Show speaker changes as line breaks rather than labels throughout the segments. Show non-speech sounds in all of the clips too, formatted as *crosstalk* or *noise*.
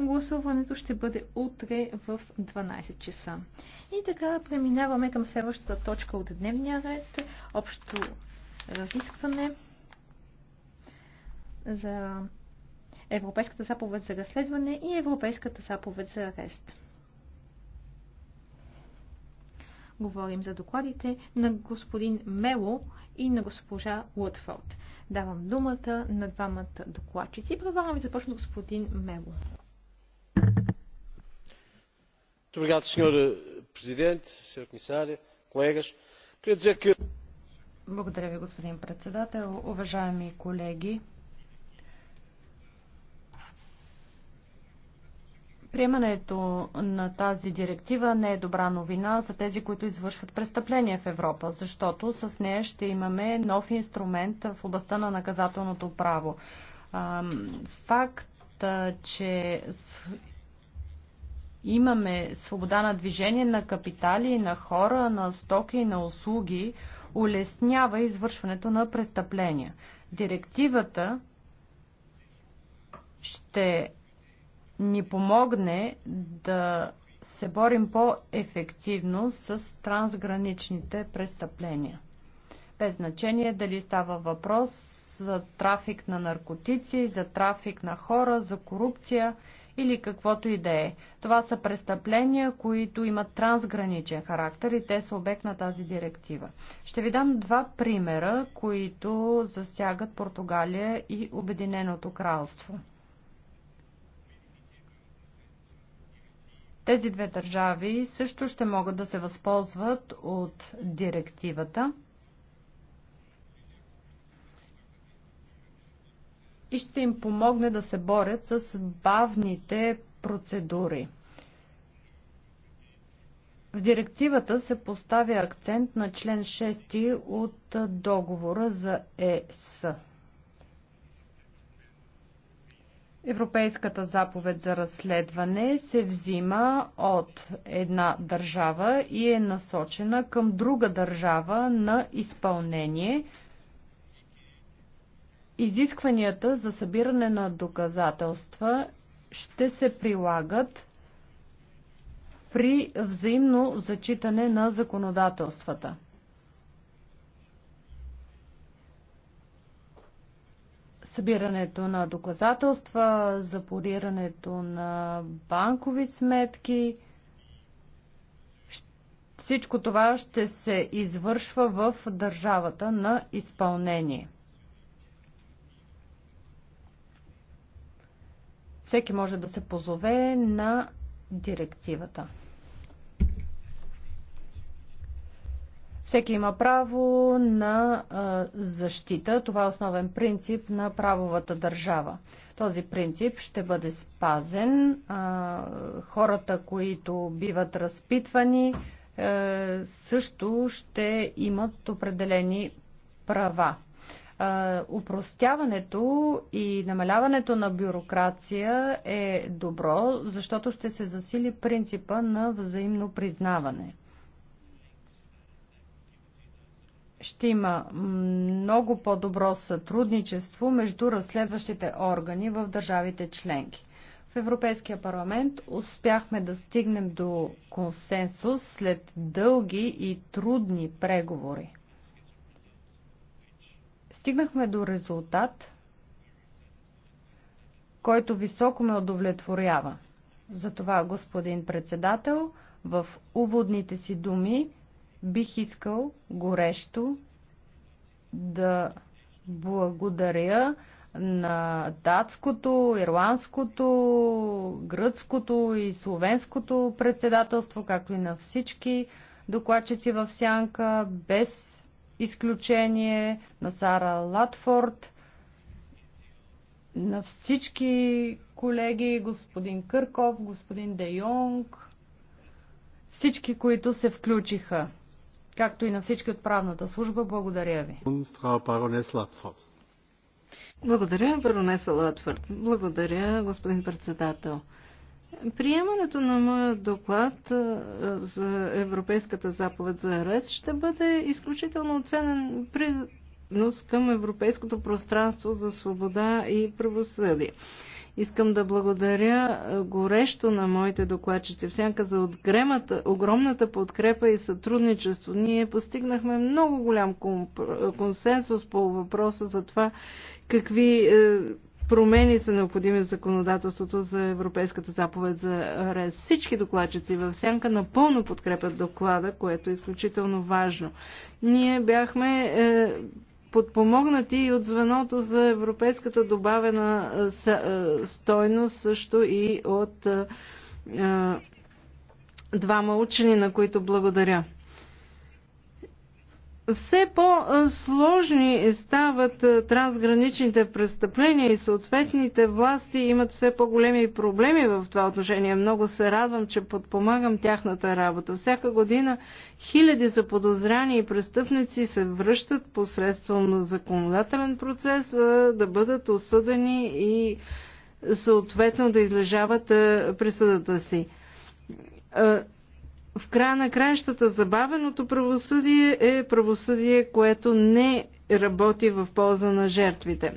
Гласуването ще бъде утре в 12 часа. И така преминаваме към следващата точка от дневния ред. Общо разискване за Европейската заповед за разследване и Европейската заповед за арест. Говорим за докладите на господин Мело и на госпожа Лътфорд. Давам думата на двамата докладчици. Предлагам ви започна господин Мело.
Eh, presidente, colegas,
queria dizer que... Благодаря ви, господин председател. Уважаеми колеги, Приемането на тази директива не е добра новина за тези, които извършват престъпления в Европа, защото с нея ще имаме нов инструмент в областта на наказателното право. Факт, че имаме свобода на движение на капитали, на хора, на стоки и на услуги, улеснява извършването на престъпления. Директивата ще ни помогне да се борим по-ефективно с трансграничните престъпления. Без значение дали става въпрос за трафик на наркотици, за трафик на хора, за корупция – или каквото и да е. Това са престъпления, които имат трансграничен характер и те са обект на тази директива. Ще ви дам два примера, които засягат Португалия и Обединеното кралство. Тези две държави също ще могат да се възползват от директивата – и ще им помогне да се борят с бавните процедури. В директивата се поставя акцент на член 6 от договора за ЕС. Европейската заповед за разследване се взима от една държава и е насочена към друга държава на изпълнение – изискванията за събиране на доказателства ще се прилагат при взаимно зачитане на законодателствата. Събирането на доказателства, запорирането на банкови сметки, всичко това ще се извършва в държавата на изпълнение. Всеки може да се позове на директивата. Всеки има право на защита. Това е основен принцип на правовата държава. Този принцип ще бъде спазен. хората, които биват разпитвани, е, също ще имат определени права. Упростяването и намаляването на бюрокрация е добро, защото ще се засили принципа на взаимно признаване ще има много по-добро сътрудничество между разследващите органи в държавите членки. В Европейския парламент успяхме да стигнем до консенсус след дълги и трудни преговори стигнахме до резултат, който високо ме удовлетворява. Затова, господин председател, в уводните си думи бих искал горещо да благодаря на датското, ирландското, гръцкото и словенското председателство, както и на всички докладчици в сянка, без изключение, на Сара Латфорд, на всички колеги, господин Кърков, господин Де Йонг, всички, които се включиха, както и на всички от правната служба. Благодаря ви.
Благодаря, баронеса Латфорд. Благодаря, господин председател. Приемането на моя доклад за Европейската заповед за арест ще бъде изключително оценен принос към Европейското пространство за свобода и правосъдие. Искам да благодаря горещо на моите докладчици всяка за отгремата, огромната подкрепа и сътрудничество. Ние постигнахме много голям консенсус по въпроса за това какви е, промени са необходими в законодателството за Европейската заповед за арест. Всички докладчици в Сянка напълно подкрепят доклада, което е изключително важно. Ние бяхме е, подпомогнати и от звеното за Европейската добавена е, е стойност, също и от е, е, двама учени, на които благодаря. Все по-сложни стават трансграничните престъпления и съответните власти имат все по-големи проблеми в това отношение. Много се радвам, че подпомагам тяхната работа. Всяка година хиляди заподозрени и престъпници се връщат посредством законодателен процес да бъдат осъдени и съответно да излежават присъдата си в края на краищата забавеното правосъдие е правосъдие, което не работи в полза на жертвите.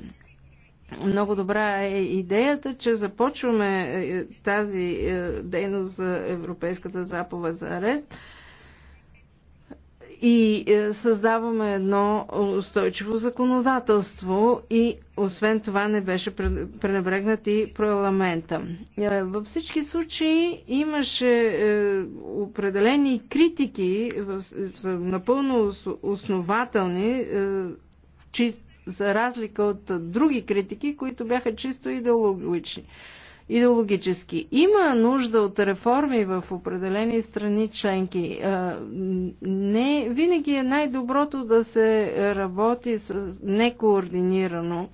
Много добра е идеята, че започваме е, тази е, дейност за Европейската заповед за арест и е, създаваме едно устойчиво законодателство и освен това не беше пренебрегнат и парламента. Е, във всички случаи имаше е, определени критики, напълно основателни, за разлика от други критики, които бяха чисто идеологични идеологически. Има нужда от реформи в определени страни членки. Е, не винаги е най-доброто да се работи некоординирано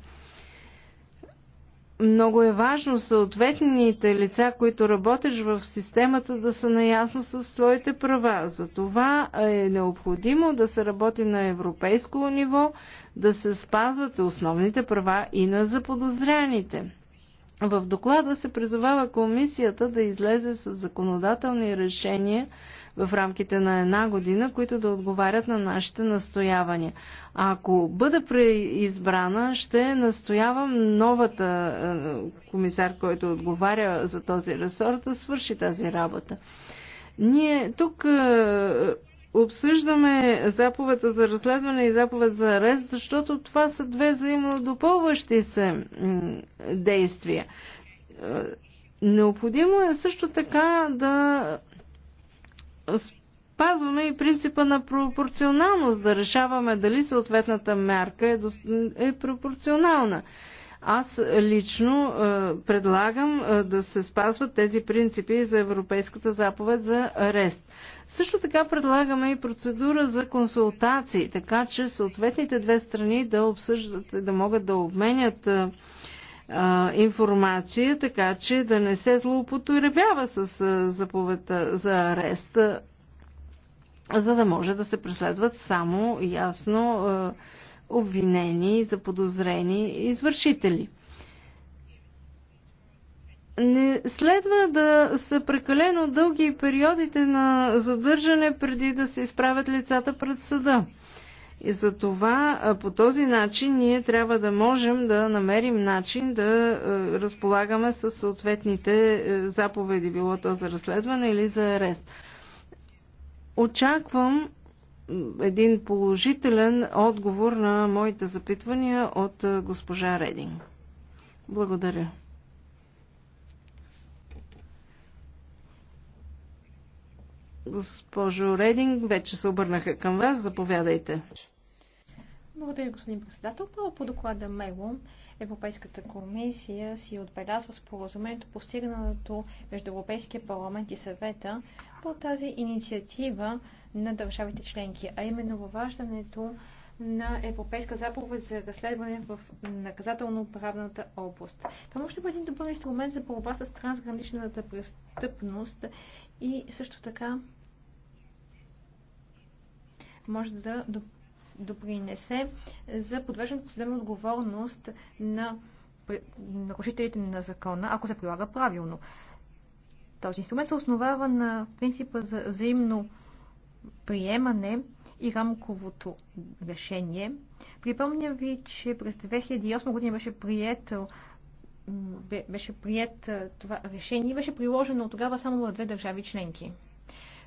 много е важно съответните лица, които работиш в системата, да са наясно с своите права. За това е необходимо да се работи на европейско ниво, да се спазват основните права и на заподозряните. В доклада се призовава комисията да излезе с законодателни решения в рамките на една година, които да отговарят на нашите настоявания. А ако бъда преизбрана, ще настоявам новата е, комисар, който отговаря за този ресор, да свърши тази работа. Ние тук е, обсъждаме заповеда за разследване и заповед за арест, защото това са две взаимодопълващи се действия. Е, необходимо е също така да спазваме и принципа на пропорционалност, да решаваме дали съответната мярка е, е пропорционална. Аз лично е, предлагам е, да се спазват тези принципи за Европейската заповед за арест. Също така предлагаме и процедура за консултации, така че съответните две страни да обсъждат, да могат да обменят е, информация, така че да не се злоупотребява с заповедта за арест, за да може да се преследват само ясно обвинени, заподозрени извършители. Не следва да са прекалено дълги периодите на задържане преди да се изправят лицата пред съда. И за това по този начин ние трябва да можем да намерим начин да разполагаме с съответните е, заповеди, било то за разследване или за арест. Очаквам един положителен отговор на моите запитвания от госпожа Рединг. Благодаря. Госпожо Рединг, вече се обърнаха към вас. Заповядайте.
Благодаря, господин председател. Първо по доклада МЕЛО, Европейската комисия си отбелязва споразумението, постигнато между Европейския парламент и съвета по тази инициатива на държавите членки, а именно въваждането на Европейска заповед за разследване в наказателно-правната област. Това може да бъде един добър инструмент за борба с трансграничната престъпност и също така може да допринесе за подвеждането по съдебна отговорност на нарушителите на закона, ако се прилага правилно. Този инструмент се основава на принципа за взаимно приемане и рамковото решение. Припомня ви, че през 2008 година беше прието беше прият това решение и беше приложено от тогава само в две държави членки.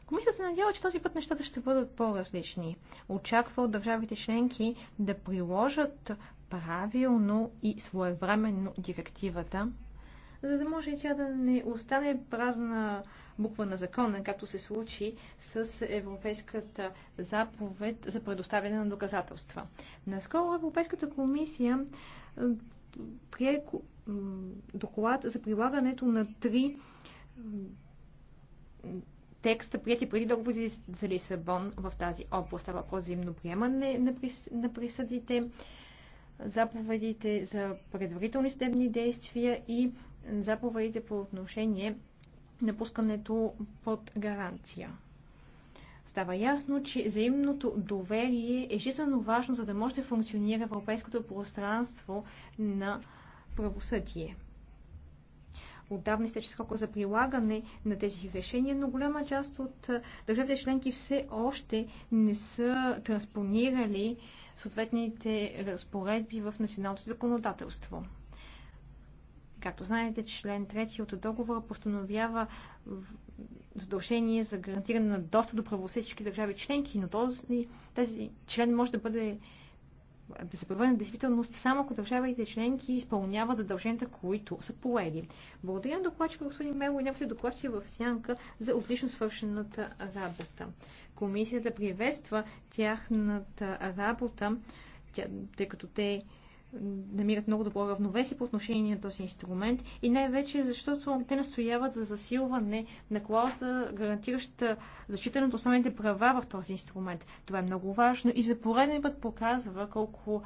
Комисията се надява, че този път нещата ще бъдат по-различни. Очаква от държавите членки да приложат правилно и своевременно директивата, за да може тя да не остане празна буква на закона, както се случи с Европейската заповед за предоставяне на доказателства. Наскоро Европейската комисия прие доклад за прилагането на три текста, прияти преди договори за Лисабон в тази област. това въпрос за имно приемане на, на присъдите, заповедите за предварителни съдебни действия и заповедите по отношение напускането под гаранция. Става ясно, че взаимното доверие е жизненно важно, за да може да функционира европейското пространство на правосъдие. Отдавна сте срока за прилагане на тези решения, но голяма част от държавите членки все още не са транспонирали съответните разпоредби в националното законодателство. Както знаете, член 3 от договора постановява задължение за гарантиране на достъп до правосъдие всички държави членки, но този, тази член може да бъде да се превърне в действителност само ако държавите членки изпълняват задълженията, които са поели. Благодаря на докладчика господин Мело и някои докладчици в сянка за отлично свършената работа. Комисията приветства тяхната работа, тъй като те намират много добро равновесие по отношение на този инструмент и най-вече защото те настояват за засилване на клауза, гарантираща зачитане на основните права в този инструмент. Това е много важно и за пореден път показва колко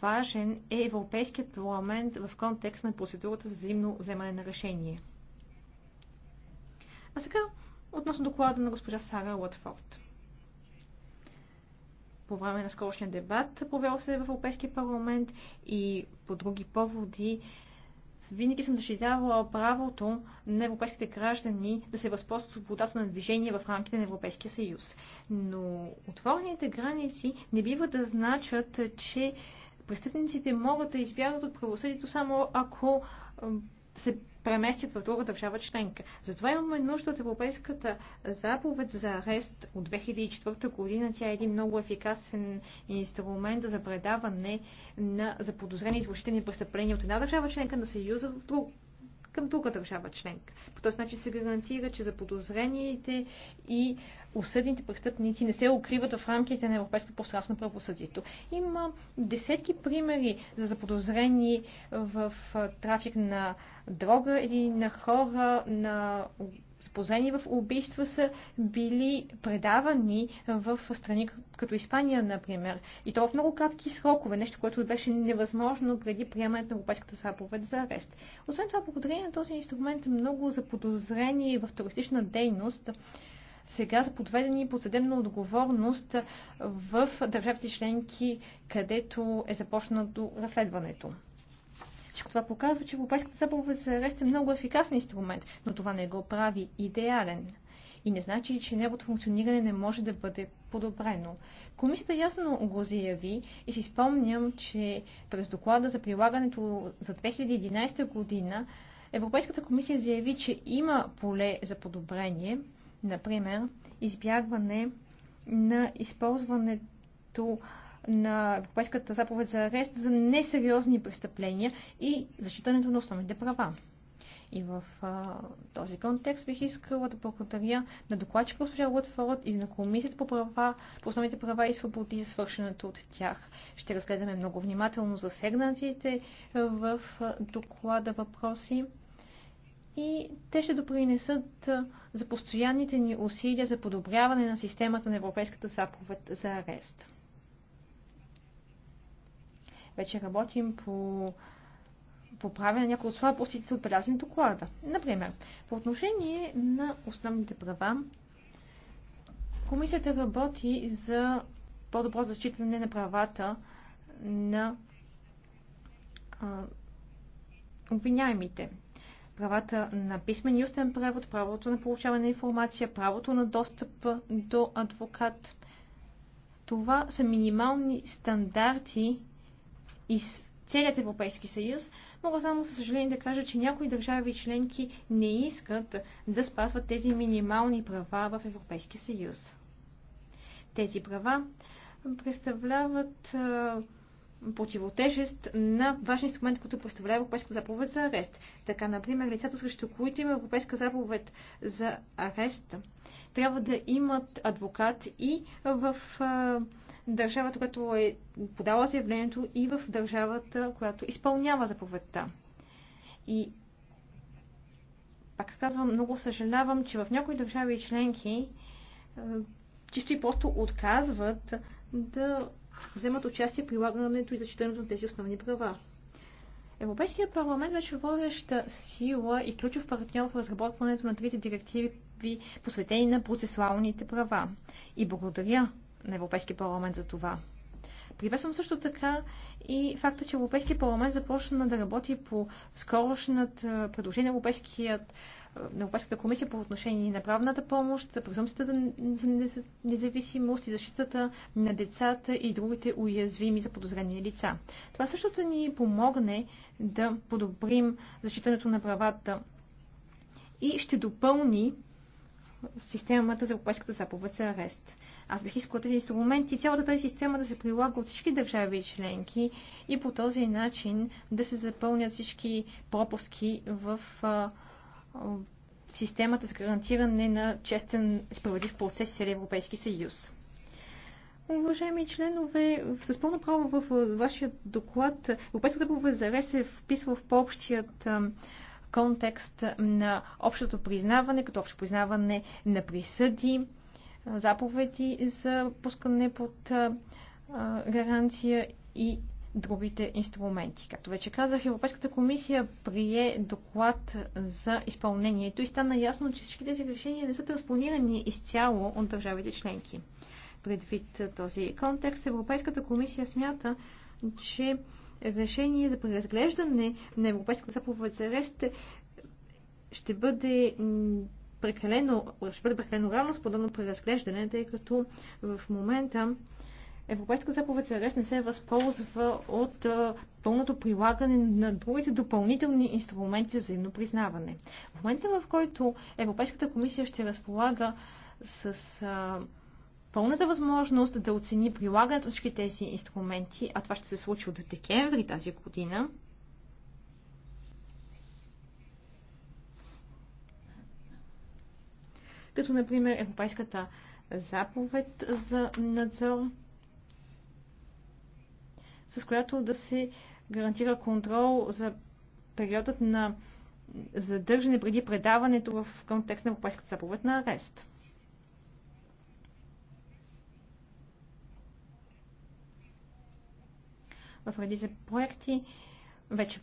важен е Европейският парламент в контекст на процедурата за взаимно вземане на решение. А сега относно доклада на госпожа Сара Уотфорд по време на скорошния дебат, провел се в Европейския парламент и по други поводи. Винаги съм защитавала правото на европейските граждани да се възползват от свободата на движение в рамките на Европейския съюз. Но отворените граници не бива да значат, че престъпниците могат да избягат от правосъдието само ако се преместят в друга държава членка. Затова имаме нужда от Европейската заповед за арест от 2004 година. Тя е един много ефикасен инструмент за предаване на заподозрени извършителни престъпления от една държава членка на Съюза в друг, към друга държава членка. По този начин се гарантира, че заподозрените и осъдните престъпници не се укриват в рамките на Европейското пространство на правосъдието. Има десетки примери за заподозрени в трафик на дрога или на хора, на запознани в убийства, са били предавани в страни като Испания, например. И то в много кратки срокове, нещо, което беше невъзможно преди приемането на Европейската заповед за арест. Освен това, благодарение на този инструмент много заподозрени в туристична дейност сега са подведени по съдебна отговорност в държавите членки, където е започнато разследването. Всичко това показва, че Европейската заповед за арест е много ефикасен инструмент, но това не го прави идеален. И не значи, че неговото функциониране не може да бъде подобрено. Комисията ясно го заяви и си спомням, че през доклада за прилагането за 2011 година Европейската комисия заяви, че има поле за подобрение, например, избягване на използването на Европейската заповед за арест за несериозни престъпления и защитането на основните права. И в а, този контекст бих искала да благодаря на докладчика госпожа Лутфорд и на Комисията по, права, по основните права и свободи за свършенето от тях. Ще разгледаме много внимателно засегнатите в доклада въпроси и те ще допринесат за постоянните ни усилия за подобряване на системата на Европейската заповед за арест. Вече работим по поправя на някои от слабостите, отбелязани в доклада. Например, по отношение на основните права, комисията работи за по-добро защитане на правата на а, обвиняемите. Правата на писмен и устен превод, правото на получаване на информация, правото на достъп до адвокат. Това са минимални стандарти, из целият Европейски съюз, мога само със съжаление да кажа, че някои държави членки не искат да спазват тези минимални права в Европейския съюз. Тези права представляват противотежест на важни инструменти, които представлява Европейска заповед за арест. Така, например, лицата, срещу които има Европейска заповед за арест, трябва да имат адвокат и в държавата, която е подала заявлението и в държавата, която изпълнява заповедта. И пак казвам, много съжалявам, че в някои държави и членки е, чисто и просто отказват да вземат участие в прилагането и зачитането на тези основни права. Европейският парламент вече водеща сила и ключов партньор в разработването на трите директиви, посветени на процесуалните права. И благодаря на Европейския парламент за това. Приветствам също така и факта, че Европейския парламент започна да работи по скорошната предложение на Европейският на Европейската комисия по отношение на правната помощ, презумцията за независимост и защитата на децата и другите уязвими за подозрени лица. Това също да ни помогне да подобрим защитането на правата и ще допълни системата за Европейската заповед за арест. Аз бих искал тези инструменти, цялата тази система да се прилага от всички държави и членки и по този начин да се запълнят всички пропуски в системата за гарантиране на честен справедлив процес в целия Европейски съюз. Уважаеми членове, с пълно право в вашия доклад Европейската заповед за РЕС се вписва в по-общият контекст на общото признаване, като общо признаване на присъди, заповеди за пускане под гаранция и другите инструменти. Както вече казах, Европейската комисия прие доклад за изпълнението и стана ясно, че всички тези решения не са транспонирани изцяло от държавите членки. Предвид този контекст, Европейската комисия смята, че решение за преразглеждане на Европейската заповед за арест ще бъде прекалено, ще бъде прекалено рано с подобно преразглеждане, тъй като в момента Европейска заповед за арест не се възползва от пълното прилагане на другите допълнителни инструменти за взаимно признаване. В момента, в който Европейската комисия ще разполага с а, пълната възможност да оцени прилагането на всички тези инструменти, а това ще се случи от декември тази година, като например Европейската заповед за надзор, с която да се гарантира контрол за периодът на задържане преди предаването в контекст на Европейската заповед на арест. В редица проекти вече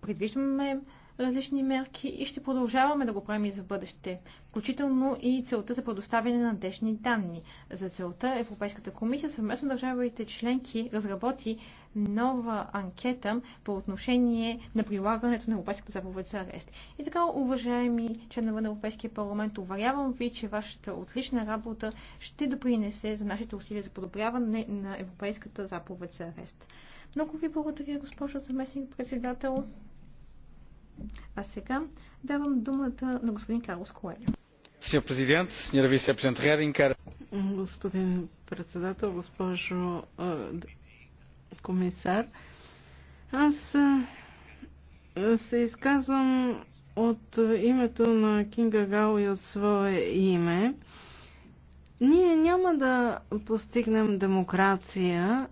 предвиждаме различни мерки и ще продължаваме да го правим и за бъдеще, включително и целта за предоставяне на надежни данни. За целта Европейската комисия съвместно държавите членки разработи нова анкета по отношение на прилагането на Европейската заповед за арест. И така, уважаеми членове на Европейския парламент, уверявам ви, че вашата отлична работа ще допринесе за нашите усилия за подобряване на Европейската заповед за арест. Много ви благодаря, госпожо заместник председател. А сега давам думата
на господин Карлос Коелю. Господин председател, госпожо комисар, аз се изказвам от името на Кинга Гао и от свое име. Ние няма да постигнем демокрация,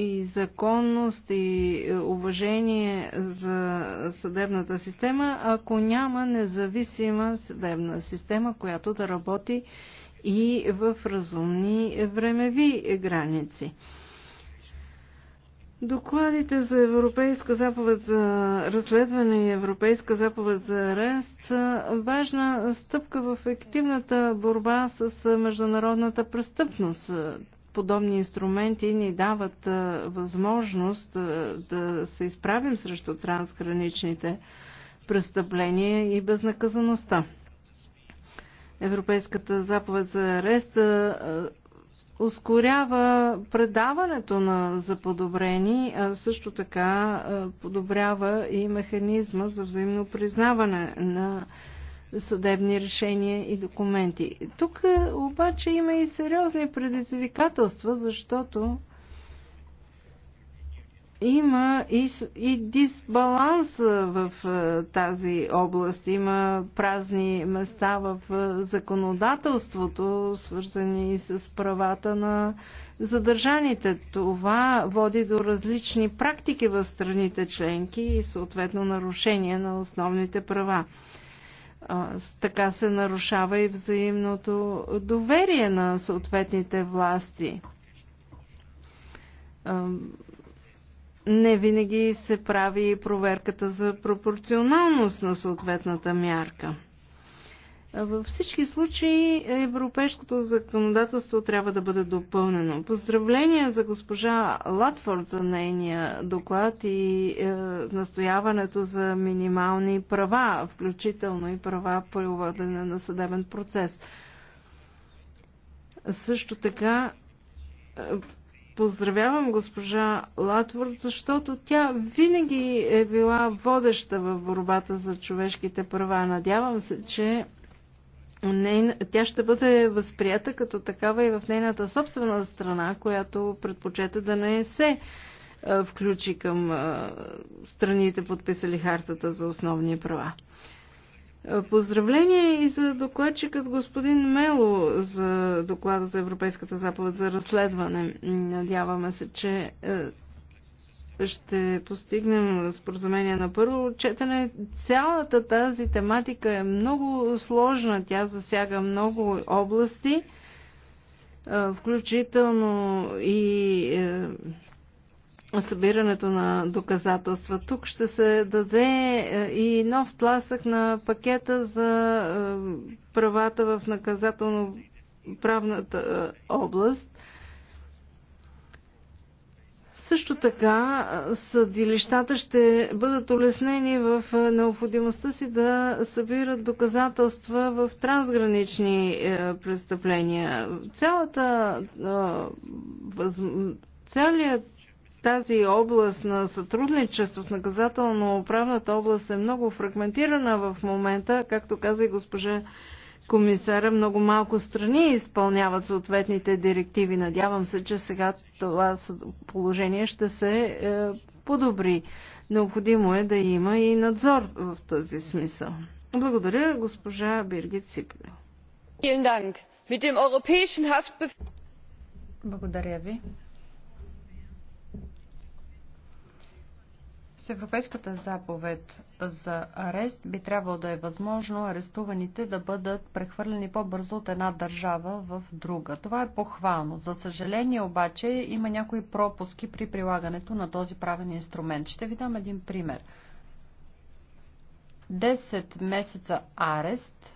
и законност и е, уважение за съдебната система, ако няма независима съдебна система, която да работи и в разумни времеви граници. Докладите за Европейска заповед за разследване и Европейска заповед за арест са важна стъпка в ефективната борба с международната престъпност подобни инструменти ни дават възможност да се изправим срещу трансграничните престъпления и безнаказаността. Европейската заповед за арест ускорява предаването на заподобрени, а също така подобрява и механизма за взаимно признаване на съдебни решения и документи. Тук е, обаче има и сериозни предизвикателства, защото има и, и дисбаланс е, в е, тази област. Има празни места в законодателството, свързани с правата на задържаните. Това води до различни практики в страните членки и съответно нарушение на основните права. Така се нарушава и взаимното доверие на съответните власти. Не винаги се прави проверката за пропорционалност на съответната мярка. Във всички случаи европейското законодателство трябва да бъде допълнено. Поздравления за госпожа Латфорд за нейния доклад и е, настояването за минимални права, включително и права по уводене на съдебен процес. Също така е, поздравявам госпожа Латфорд, защото тя винаги е била водеща в борбата за човешките права. Надявам се, че тя ще бъде възприята като такава и в нейната собствена страна, която предпочета да не се е, включи към е, страните, подписали хартата за основни права. Е, поздравление и за докладчикът господин Мело за доклада за Европейската заповед за разследване. Надяваме се, че ще постигнем споразумение на първо четене. Цялата тази тематика е много сложна, тя засяга много области, е, включително и е, събирането на доказателства. Тук ще се даде е, и нов тласък на пакета за правата в наказателно правната област – също така съдилищата ще бъдат улеснени в необходимостта си да събират доказателства в трансгранични е, престъпления. Цялата целият тази област на сътрудничество в наказателно-правната област е много фрагментирана в момента, както каза и госпожа комисара, много малко страни изпълняват съответните директиви. Надявам се, че сега това положение ще се е, подобри. Необходимо е да има и надзор в този смисъл. Благодаря, госпожа Биргит Ципле.
Благодаря ви. С Европейската заповед за арест би трябвало да е възможно арестуваните да бъдат прехвърлени по-бързо от една държава в друга. Това е похвално. За съжаление обаче има някои пропуски при прилагането на този правен инструмент. Ще ви дам един пример. 10 месеца арест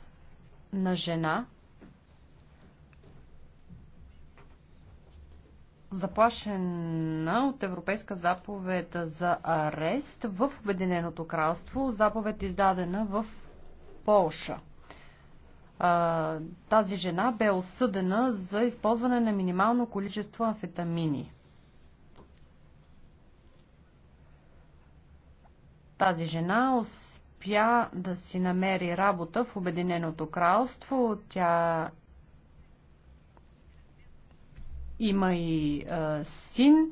на жена – заплашена от Европейска заповед за арест в Обединеното кралство, заповед издадена в Полша. Тази жена бе осъдена за използване на минимално количество амфетамини. Тази жена успя да си намери работа в Обединеното кралство. Тя има и а, син,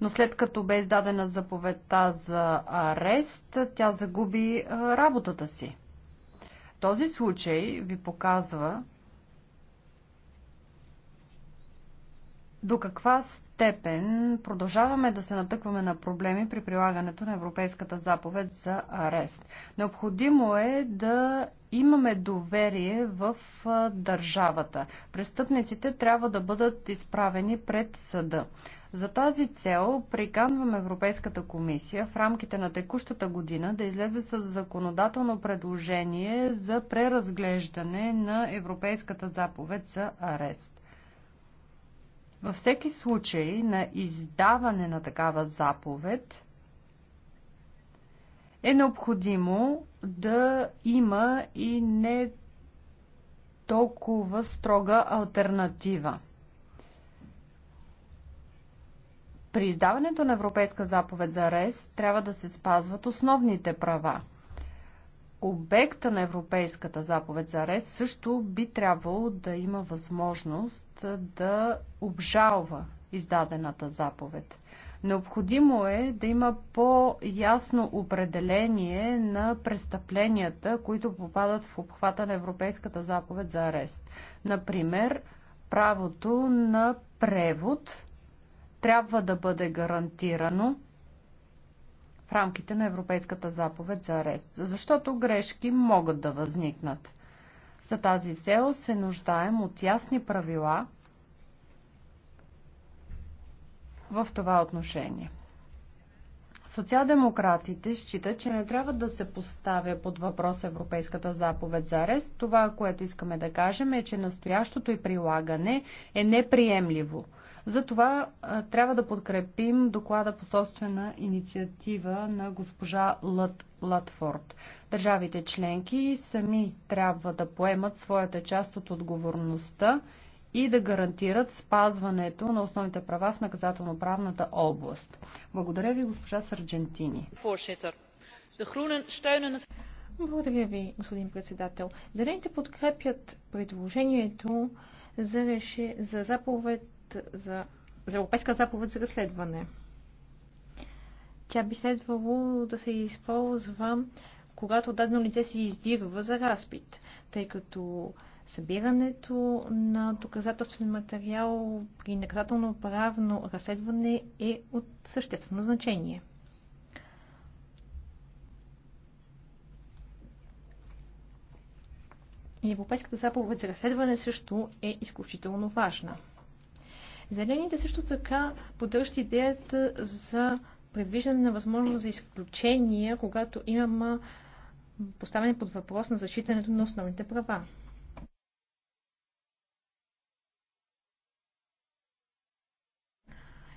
но след като бе издадена заповедта за арест, тя загуби а, работата си. Този случай ви показва, до каква степен продължаваме да се натъкваме на проблеми при прилагането на Европейската заповед за арест. Необходимо е да имаме доверие в държавата. Престъпниците трябва да бъдат изправени пред съда. За тази цел приканвам Европейската комисия в рамките на текущата година да излезе с законодателно предложение за преразглеждане на Европейската заповед за арест. Във всеки случай на издаване на такава заповед е необходимо да има и не толкова строга альтернатива. При издаването на Европейска заповед за арест трябва да се спазват основните права – обекта на Европейската заповед за арест също би трябвало да има възможност да обжалва издадената заповед. Необходимо е да има по-ясно определение на престъпленията, които попадат в обхвата на Европейската заповед за арест. Например, правото на превод трябва да бъде гарантирано, рамките на Европейската заповед за арест, защото грешки могат да възникнат. За тази цел се нуждаем от ясни правила в това отношение. Социалдемократите считат, че не трябва да се поставя под въпрос Европейската заповед за арест. Това, което искаме да кажем е, че настоящото и прилагане е неприемливо – затова трябва да подкрепим доклада по собствена инициатива на госпожа Лът Латфорд. Държавите членки сами трябва да поемат своята част от отговорността и да гарантират спазването на основните права в наказателно-правната област. Благодаря ви, госпожа Сарджентини.
Благодаря ви, господин председател. Зелените подкрепят предложението за, реши, за заповед за, за Европейска заповед за разследване. Тя би следвало да се използва, когато дадено лице се издирва за разпит, тъй като събирането на доказателствен материал при наказателно-правно разследване е от съществено значение. Европейската заповед за разследване също е изключително важна. Зелените също така поддържат идеята за предвиждане на възможност за изключения, когато имаме поставяне под въпрос на защитането на основните права.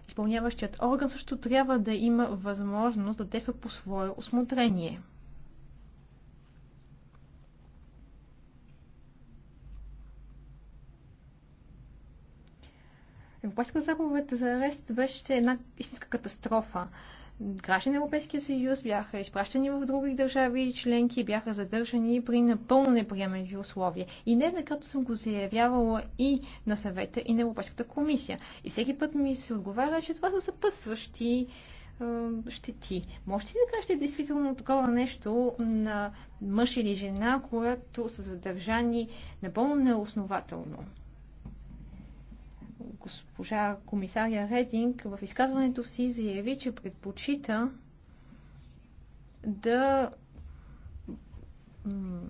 Изпълняващият орган също трябва да има възможност да действа по свое осмотрение. Европейската заповед за арест беше една истинска катастрофа. Граждани на Европейския съюз бяха изпращани в други държави и членки бяха задържани при напълно неприемливи условия. И не като съм го заявявала и на съвета, и на Европейската комисия. И всеки път ми се отговаря, че това са съпъсващи е, щети. Можете ли да кажете действително такова нещо на мъж или жена, която са задържани напълно неоснователно? госпожа комисария Рединг в изказването си заяви, че предпочита да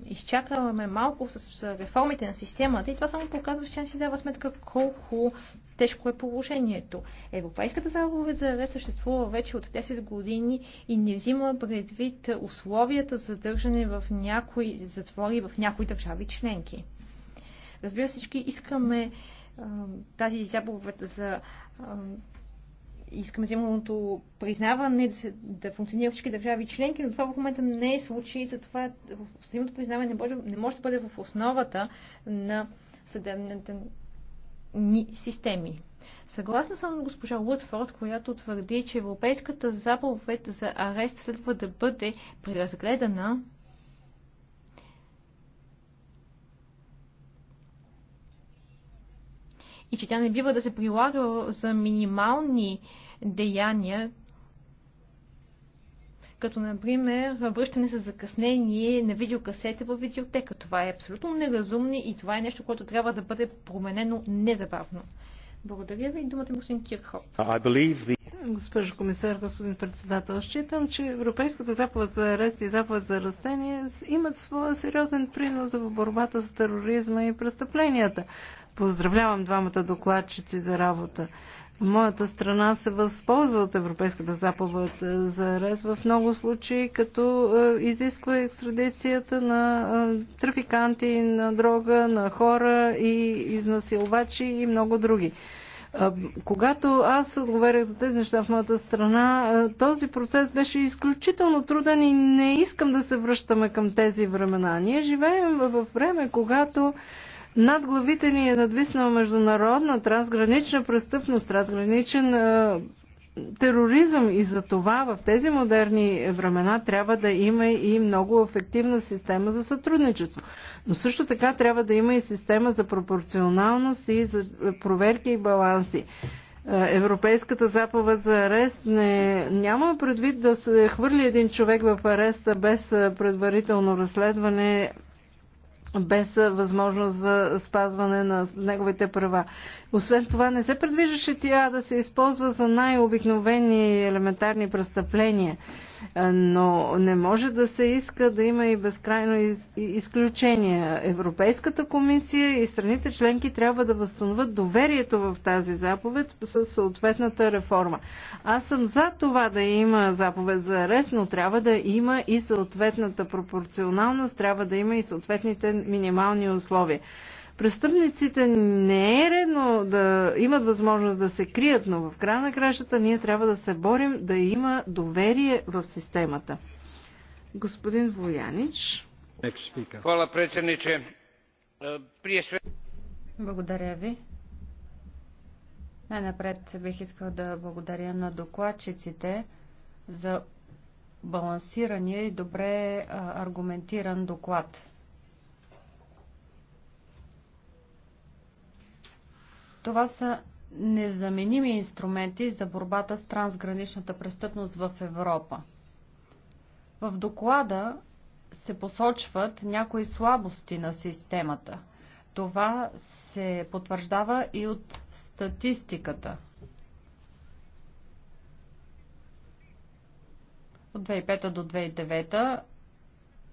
изчакаваме малко с реформите на системата и това само показва, че не си дава сметка колко тежко е положението. Европейската заповед за арест съществува вече от 10 години и не взима предвид условията за държане в някои затвори в някои държави членки. Разбира се, всички искаме тази заповед за искаме признаване да, се, да функционира всички държави членки, но това в момента не е случай, затова взаимното признаване не може, не може да бъде в основата на съдебната ни системи. Съгласна съм госпожа Лутфорд, която твърди, че Европейската заповед за арест следва да бъде преразгледана и че тя не бива да се прилага за минимални деяния, като например връщане с закъснение на видеокасета в видеотека. Това е абсолютно неразумно и това е нещо, което трябва да бъде променено незабавно.
Благодаря ви. Думата господин Кирхоп.
The...
Госпожо комисар, господин председател, считам, че Европейската заповед за арест и заповед за растение имат своя сериозен принос в борбата с тероризма и престъпленията. Поздравлявам двамата докладчици за работа. Моята страна се възползва от Европейската заповед е, за арест в много случаи, като е, изисква екстрадицията на е, трафиканти на дрога, на хора и изнасилвачи и много други. Когато аз отговарях за тези неща в моята страна, този процес беше изключително труден и не искам да се връщаме към тези времена. Ние живеем в време, когато над главите ни е надвиснала международна трансгранична престъпност, трансграничен тероризъм и за това в тези модерни времена трябва да има и много ефективна система за сътрудничество. Но също така трябва да има и система за пропорционалност и за проверки и баланси. Европейската заповед за арест не, няма предвид да се хвърли един човек в ареста без предварително разследване без възможност за спазване на неговите права. Освен това, не се предвиждаше тя да се използва за най-обикновени елементарни престъпления. Е, но не може да се иска да има и безкрайно из, изключение. Европейската комисия и страните членки трябва да възстановят доверието в тази заповед с съответната реформа. Аз съм за това да има заповед за арест, но трябва да има и съответната пропорционалност, трябва да има и съответните минимални условия престъпниците не е редно да имат възможност да се крият, но в края на кращата ние трябва да се борим да има доверие в системата. Господин Воянич.
Хвала,
председниче. Е,
благодаря ви. Най-напред бих искал да благодаря на докладчиците за балансирания и добре аргументиран доклад. Това са незаменими инструменти за борбата с трансграничната престъпност в Европа. В доклада се посочват някои слабости на системата. Това се потвърждава и от статистиката. От 2005 до 2009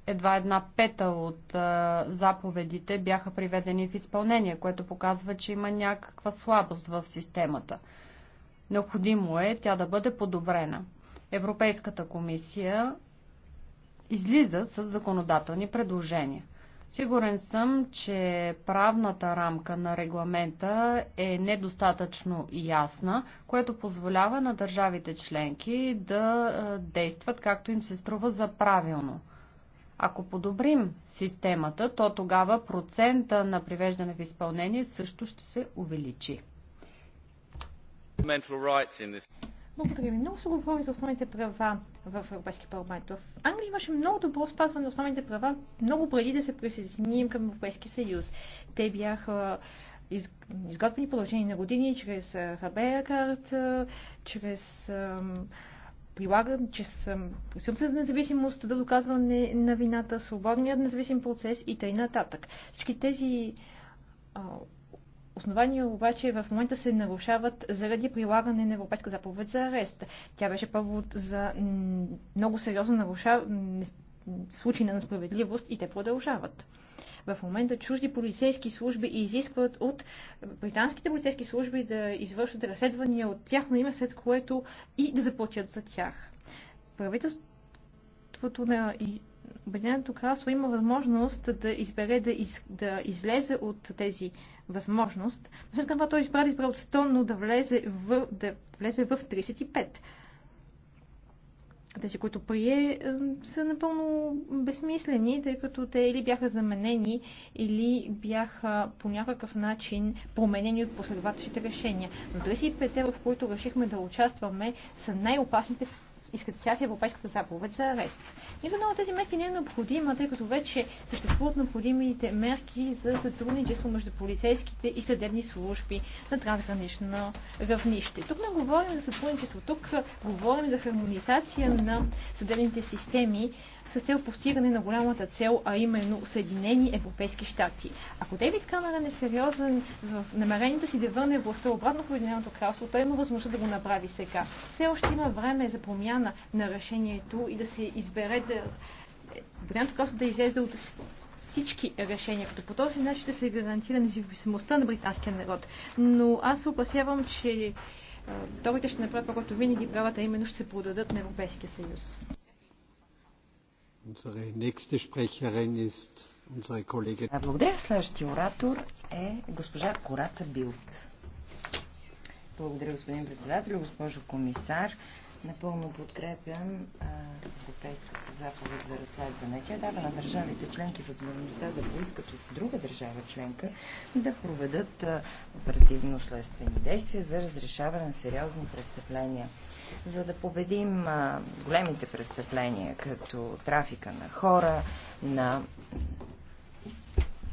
едва една пета от а, заповедите бяха приведени в изпълнение, което показва, че има някаква слабост в системата. Необходимо е тя да бъде подобрена. Европейската комисия излиза с законодателни предложения. Сигурен съм, че правната рамка на регламента е недостатъчно ясна, което позволява на държавите членки да действат както им се струва за правилно – ако подобрим системата, то тогава процента на привеждане в изпълнение също ще се увеличи. Благодаря
ви. Много се говори за основните права в Европейския парламент. В Англия имаше много добро спазване на основните права, много преди да се присъединим към Европейския съюз. Те бяха из... изготвени продължение на години чрез Хабея карта, чрез ам, прилагам, че съм презумпцията за независимост, да доказване на вината, свободният независим процес и т.н. нататък. Всички тези а, основания обаче в момента се нарушават заради прилагане на Европейска заповед за арест. Тя беше повод за много сериозно нарушаване случай на несправедливост и те продължават. В момента чужди полицейски служби изискват от британските полицейски служби да извършват разследвания от тях на име, след което и да заплатят за тях. Правителството на Обединеното кралство има възможност да избере да, из, да излезе от тези възможност. Защото това той избра да избра от 100, но да влезе в, да влезе в 35 тези, които прие, е, са напълно безсмислени, тъй като те или бяха заменени, или бяха по някакъв начин променени от последователните решения. Но 25-те, в които решихме да участваме, са най-опасните искат тях Европейската заповед за арест. Нито тези мерки не е необходима, тъй като вече съществуват необходимите мерки за сътрудничество между полицейските и съдебни служби на трансгранично равнище. Тук не говорим за сътрудничество, тук говорим за хармонизация на съдебните системи, с цел постигане на голямата цел, а именно Съединени Европейски щати. Ако Дейвид Камерън е сериозен в намерението си да върне властта обратно в Обединеното кралство, той има възможност да го направи сега. Все още има време за промяна на решението и да се избере да Обединеното кралство да излезе от всички решения, като по този начин да се гарантира независимостта на британския народ. Но аз се опасявам, че Добрите ще направят това, което винаги правят, а именно ще се продадат на Европейския
съюз.
Е, благодаря.
Следващия оратор е госпожа Кората Билт. Благодаря, господин председател, госпожо комисар. Напълно подкрепям Европейската заповед за разследване. Тя дава на държавите членки възможността да поискат от друга държава членка да проведат оперативно-следствени действия за разрешаване на сериозни престъпления за да победим големите престъпления, като трафика на хора, на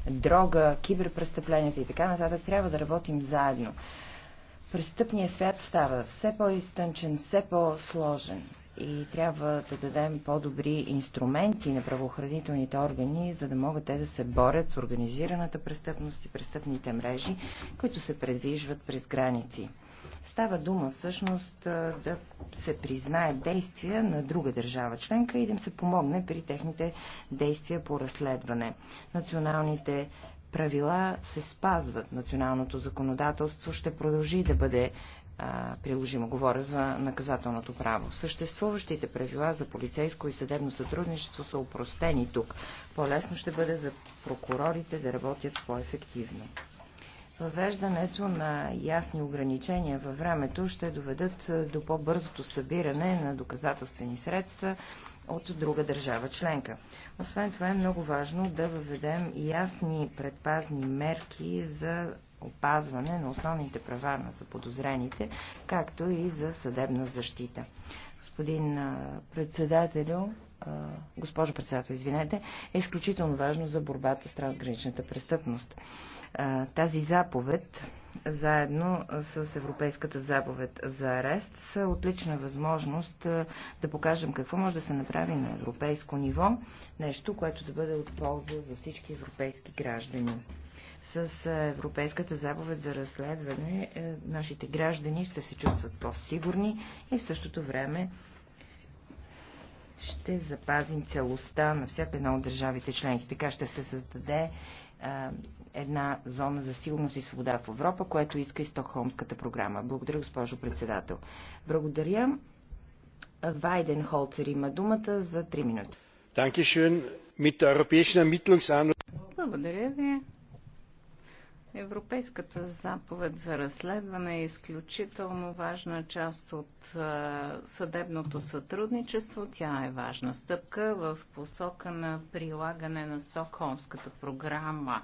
дрога, киберпрестъпленията и така нататък, трябва да работим заедно. Престъпният свят става все по-изтънчен, все по-сложен и трябва да дадем по-добри инструменти на правоохранителните органи, за да могат те да се борят с организираната престъпност и престъпните мрежи, които се предвижват през граници. Става дума всъщност да се признаят действия на друга държава членка и да им се помогне при техните действия по разследване. Националните правила се спазват. Националното законодателство ще продължи да бъде приложимо. Говоря за наказателното право. Съществуващите правила за полицейско и съдебно сътрудничество са упростени тук. По-лесно ще бъде за прокурорите да работят по-ефективно. Въвеждането на ясни ограничения във времето ще доведат до по-бързото събиране на доказателствени средства от друга държава членка. Освен това е много важно да въведем ясни предпазни мерки за опазване на основните права на заподозрените, както и за съдебна защита. Господин председателю, госпожо председател, извинете, е изключително важно за борбата с трансграничната престъпност. Тази заповед, заедно с Европейската заповед за арест, са отлична възможност да покажем какво може да се направи на европейско ниво, нещо, което да бъде от полза за всички европейски граждани с Европейската заповед за разследване е, нашите граждани ще се чувстват по-сигурни и в същото време ще запазим целостта на всяка една от държавите членки. Така ще се създаде една зона за сигурност и свобода в Европа, което иска и Стокхолмската програма. Благодаря, госпожо председател. Благодаря. Вайден Холцер има думата за 3 минути.
Благодаря ви. Европейската заповед за разследване е изключително важна част от е, съдебното сътрудничество. Тя е важна стъпка в посока на прилагане на Стокхолмската програма.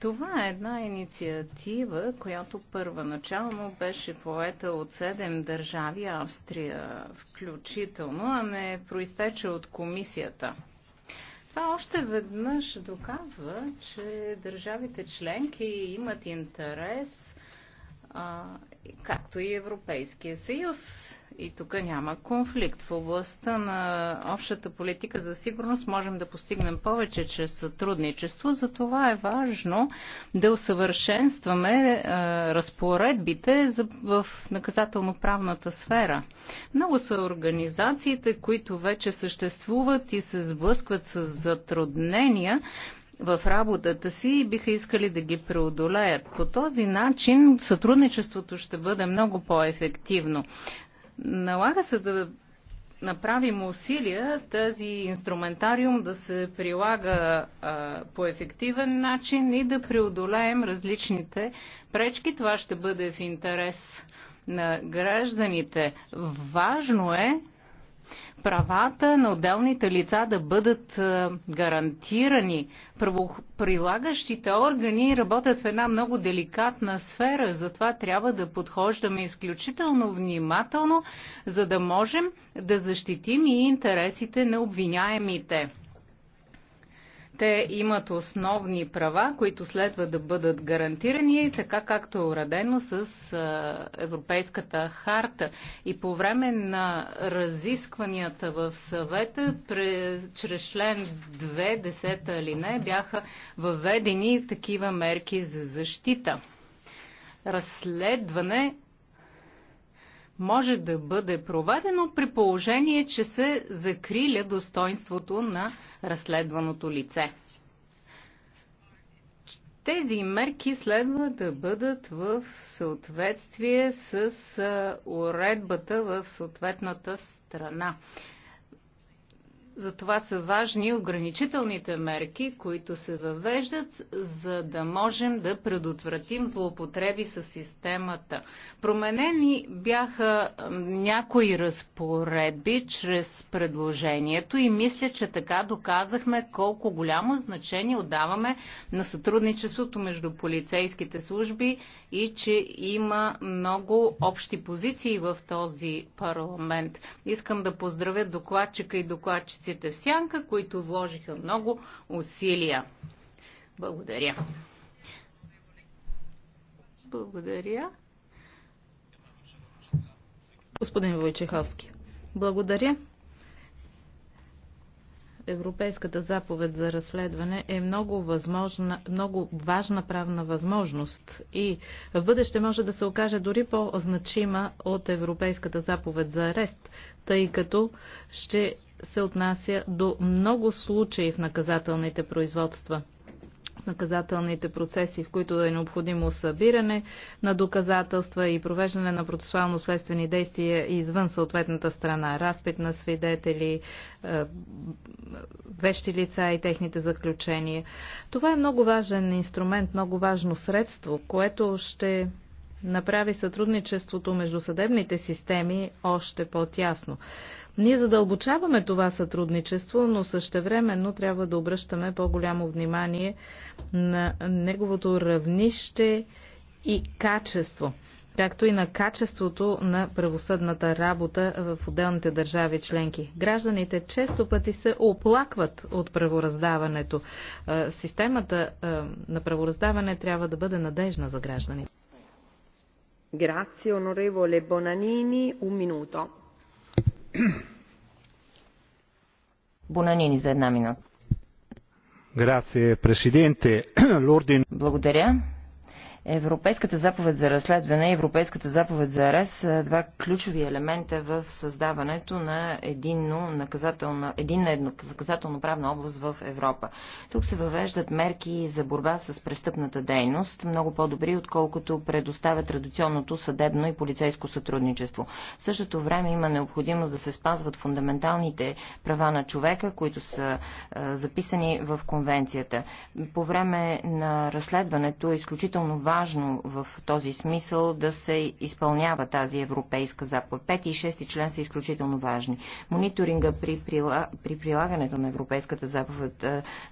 Това е една инициатива, която първоначално беше поета от седем държави, Австрия включително, а не е проистече от комисията – това още веднъж доказва, че държавите членки имат интерес а, както и Европейския съюз. И тук няма конфликт. В областта на общата политика за сигурност можем да постигнем повече чрез сътрудничество. Затова е важно да усъвършенстваме е, разпоредбите за, в наказателно-правната сфера. Много са организациите, които вече съществуват и се сблъскват с затруднения в работата си и биха искали да ги преодолеят. По този начин сътрудничеството ще бъде много по-ефективно. Налага се да направим усилия тази инструментариум да се прилага а, по ефективен начин и да преодолеем различните пречки. Това ще бъде в интерес на гражданите. Важно е правата на отделните лица да бъдат е, гарантирани. Правоприлагащите органи работят в една много деликатна сфера, затова трябва да подхождаме изключително внимателно, за да можем да защитим и интересите на обвиняемите. Те имат основни права, които следва да бъдат гарантирани, така както е уредено с Европейската харта. И по време на разискванията в съвета, чрез член 2, 10 не, бяха въведени такива мерки за защита. Разследване може да бъде проведено при положение, че се закриля достоинството на разследваното лице. Тези мерки следва да бъдат в съответствие с уредбата в съответната страна. Затова са важни ограничителните мерки, които се въвеждат, за да можем да предотвратим злоупотреби с системата. Променени бяха някои разпоредби чрез предложението и мисля, че така доказахме колко голямо значение отдаваме на сътрудничеството между полицейските служби и че има много общи позиции в този парламент. Искам да поздравя докладчика и докладчите докладчиците в Сянка, които вложиха много усилия. Благодаря. Благодаря. Господин Войчеховски. Благодаря. Европейската заповед за разследване е много, възможна, много важна правна възможност и в бъдеще може да се окаже дори по-значима от Европейската заповед за арест, тъй като ще се отнася до много случаи в наказателните производства наказателните процеси, в които е необходимо събиране на доказателства и провеждане на процесуално-следствени действия извън съответната страна, разпит на свидетели, е, вещи лица и техните заключения. Това е много важен инструмент, много важно средство, което ще направи сътрудничеството между съдебните системи още по-тясно. Ние задълбочаваме това сътрудничество, но същевременно трябва да обръщаме по-голямо внимание на неговото равнище и качество както и на качеството на правосъдната работа в отделните държави членки. Гражданите често пъти се оплакват от правораздаването. Е, системата е, на правораздаване трябва да бъде надежна за гражданите.
Грация, онореволе Бонанини, un minuto. *clears throat* Бонанини за една минута. *clears throat* Благодаря. Европейската заповед за разследване и Европейската заповед за арест са два ключови елемента в създаването на единно наказателна, единна наказателно-правна област в Европа. Тук се въвеждат мерки за борба с престъпната дейност, много по-добри, отколкото предоставя традиционното съдебно и полицейско сътрудничество. В същото време има необходимост да се спазват фундаменталните права на човека, които са записани в конвенцията. По време на разследването е изключително важно важно в този смисъл да се изпълнява тази европейска заповед. Пети и шести член са изключително важни. Мониторинга при, прила... при прилагането на европейската заповед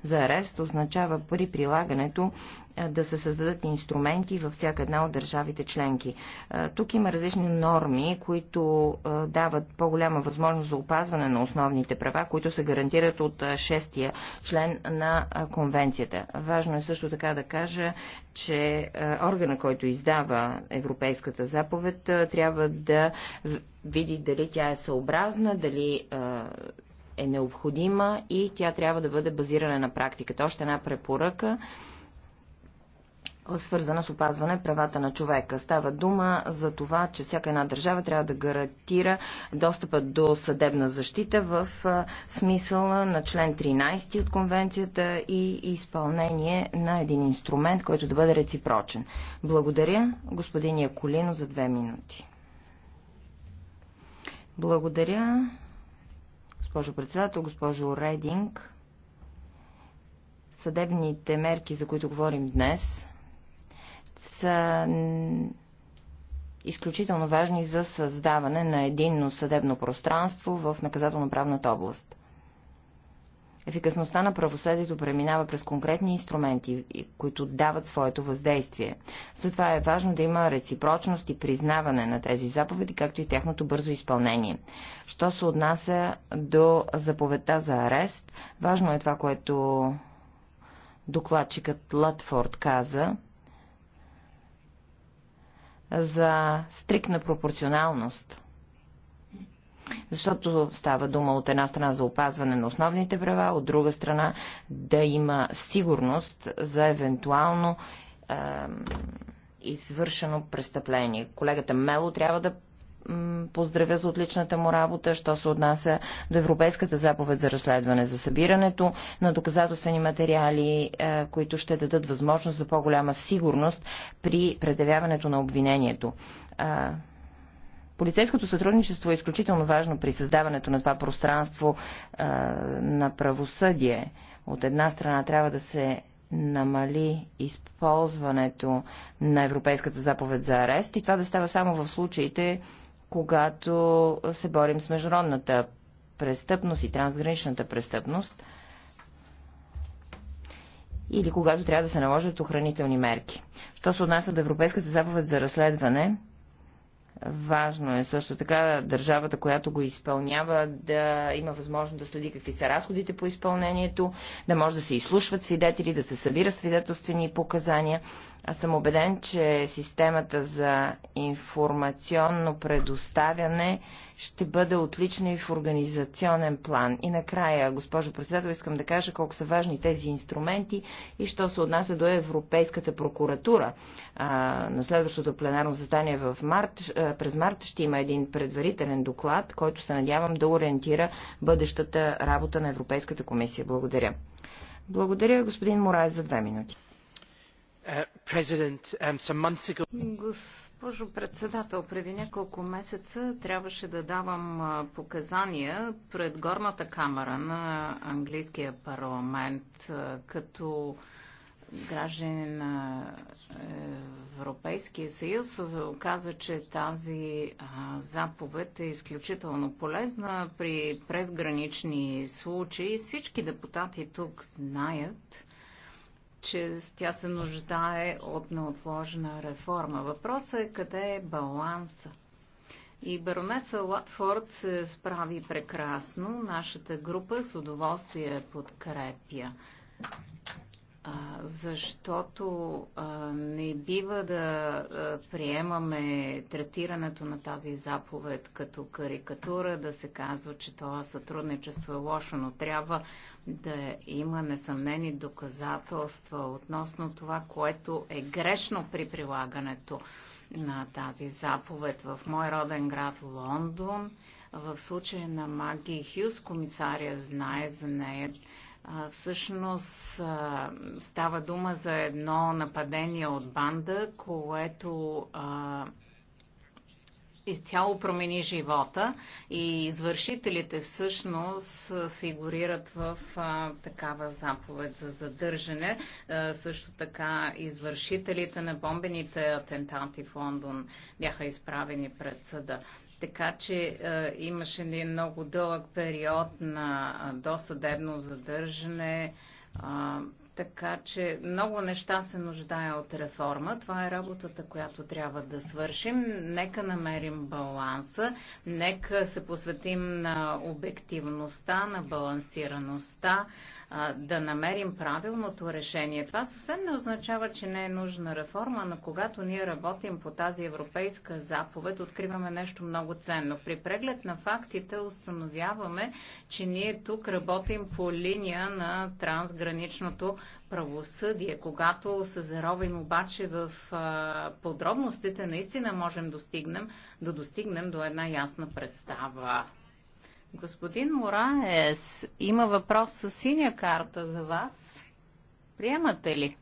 за арест означава при прилагането е, да се създадат инструменти във всяка една от държавите членки. Е, тук има различни норми, които е, дават по-голяма възможност за опазване на основните права, които се гарантират от шестия член на конвенцията. Важно е също така да кажа, че органа, който издава Европейската заповед, трябва да види дали тя е съобразна, дали е необходима и тя трябва да бъде базирана на практиката. Още една препоръка свързана с опазване правата на човека. Става дума за това, че всяка една държава трябва да гарантира достъпа до съдебна защита в смисъла на член 13 от конвенцията и изпълнение на един инструмент, който да бъде реципрочен. Благодаря, господин Яколино, за две минути. Благодаря, госпожо председател, госпожо Рейдинг. Съдебните мерки, за които говорим днес, са изключително важни за създаване на единно съдебно пространство в наказателно-правната област. Ефикасността на правосъдието преминава през конкретни инструменти, които дават своето въздействие. Затова е важно да има реципрочност и признаване на тези заповеди, както и тяхното бързо изпълнение. Що се отнася до заповедта за арест, важно е това, което докладчикът Латфорд каза, за стрикна пропорционалност. Защото става дума от една страна за опазване на основните права, от друга страна да има сигурност за евентуално е, извършено престъпление. Колегата Мело трябва да поздравя за отличната му работа, що се отнася до Европейската заповед за разследване за събирането на доказателствени материали, е, които ще дадат възможност за по-голяма сигурност при предявяването на обвинението. Е, полицейското сътрудничество е изключително важно при създаването на това пространство е, на правосъдие. От една страна трябва да се намали използването на Европейската заповед за арест и това да става само в случаите, когато се борим с международната престъпност и трансграничната престъпност или когато трябва да се наложат охранителни мерки. Що се отнася до Европейската заповед за разследване, Важно е също така държавата, която го изпълнява, да има възможност да следи какви са разходите по изпълнението, да може да се изслушват свидетели, да се събира свидетелствени показания. Аз съм убеден, че системата за информационно предоставяне ще бъде отлична и в организационен план. И накрая, госпожо председател, искам да кажа колко са важни тези инструменти и що се отнася до Европейската прокуратура. на следващото пленарно задание в март е през март ще има един предварителен доклад, който се надявам да ориентира бъдещата работа на Европейската комисия. Благодаря. Благодаря, господин Морай, за две минути. Е, Госпожо
председател, преди няколко месеца трябваше да давам показания пред горната камера на английския парламент като граждани на е, Европейския съюз, оказа, че тази заповед е изключително полезна при презгранични случаи. Всички депутати тук знаят, че тя се нуждае от неотложна реформа. Въпросът е къде е баланса. И баронеса Латфорд се справи прекрасно. Нашата група с удоволствие подкрепя защото не бива да приемаме третирането на тази заповед като карикатура, да се казва, че това сътрудничество е лошо, но трябва да има несъмнени доказателства относно това, което е грешно при прилагането на тази заповед в мой роден град Лондон. В случая на Маги Хюс комисария знае за нея Всъщност става дума за едно нападение от банда, което изцяло промени живота и извършителите всъщност фигурират в а, такава заповед за задържане. А, също така извършителите на бомбените атентати в Лондон бяха изправени пред съда. Така че е, имаше един много дълъг период на досъдебно задържане. Е, така че много неща се нуждае от реформа. Това е работата, която трябва да свършим. Нека намерим баланса, нека се посветим на обективността, на балансираността а, да намерим правилното решение. Това съвсем не означава, че не е нужна реформа, но когато ние работим по тази европейска заповед, откриваме нещо много ценно. При преглед на фактите установяваме, че ние тук работим по линия на трансграничното правосъдие. Когато се заровим обаче в а, подробностите, наистина можем достигнем, да достигнем до една ясна представа. Господин Мораес, има въпрос с синя карта за вас. Приемате ли?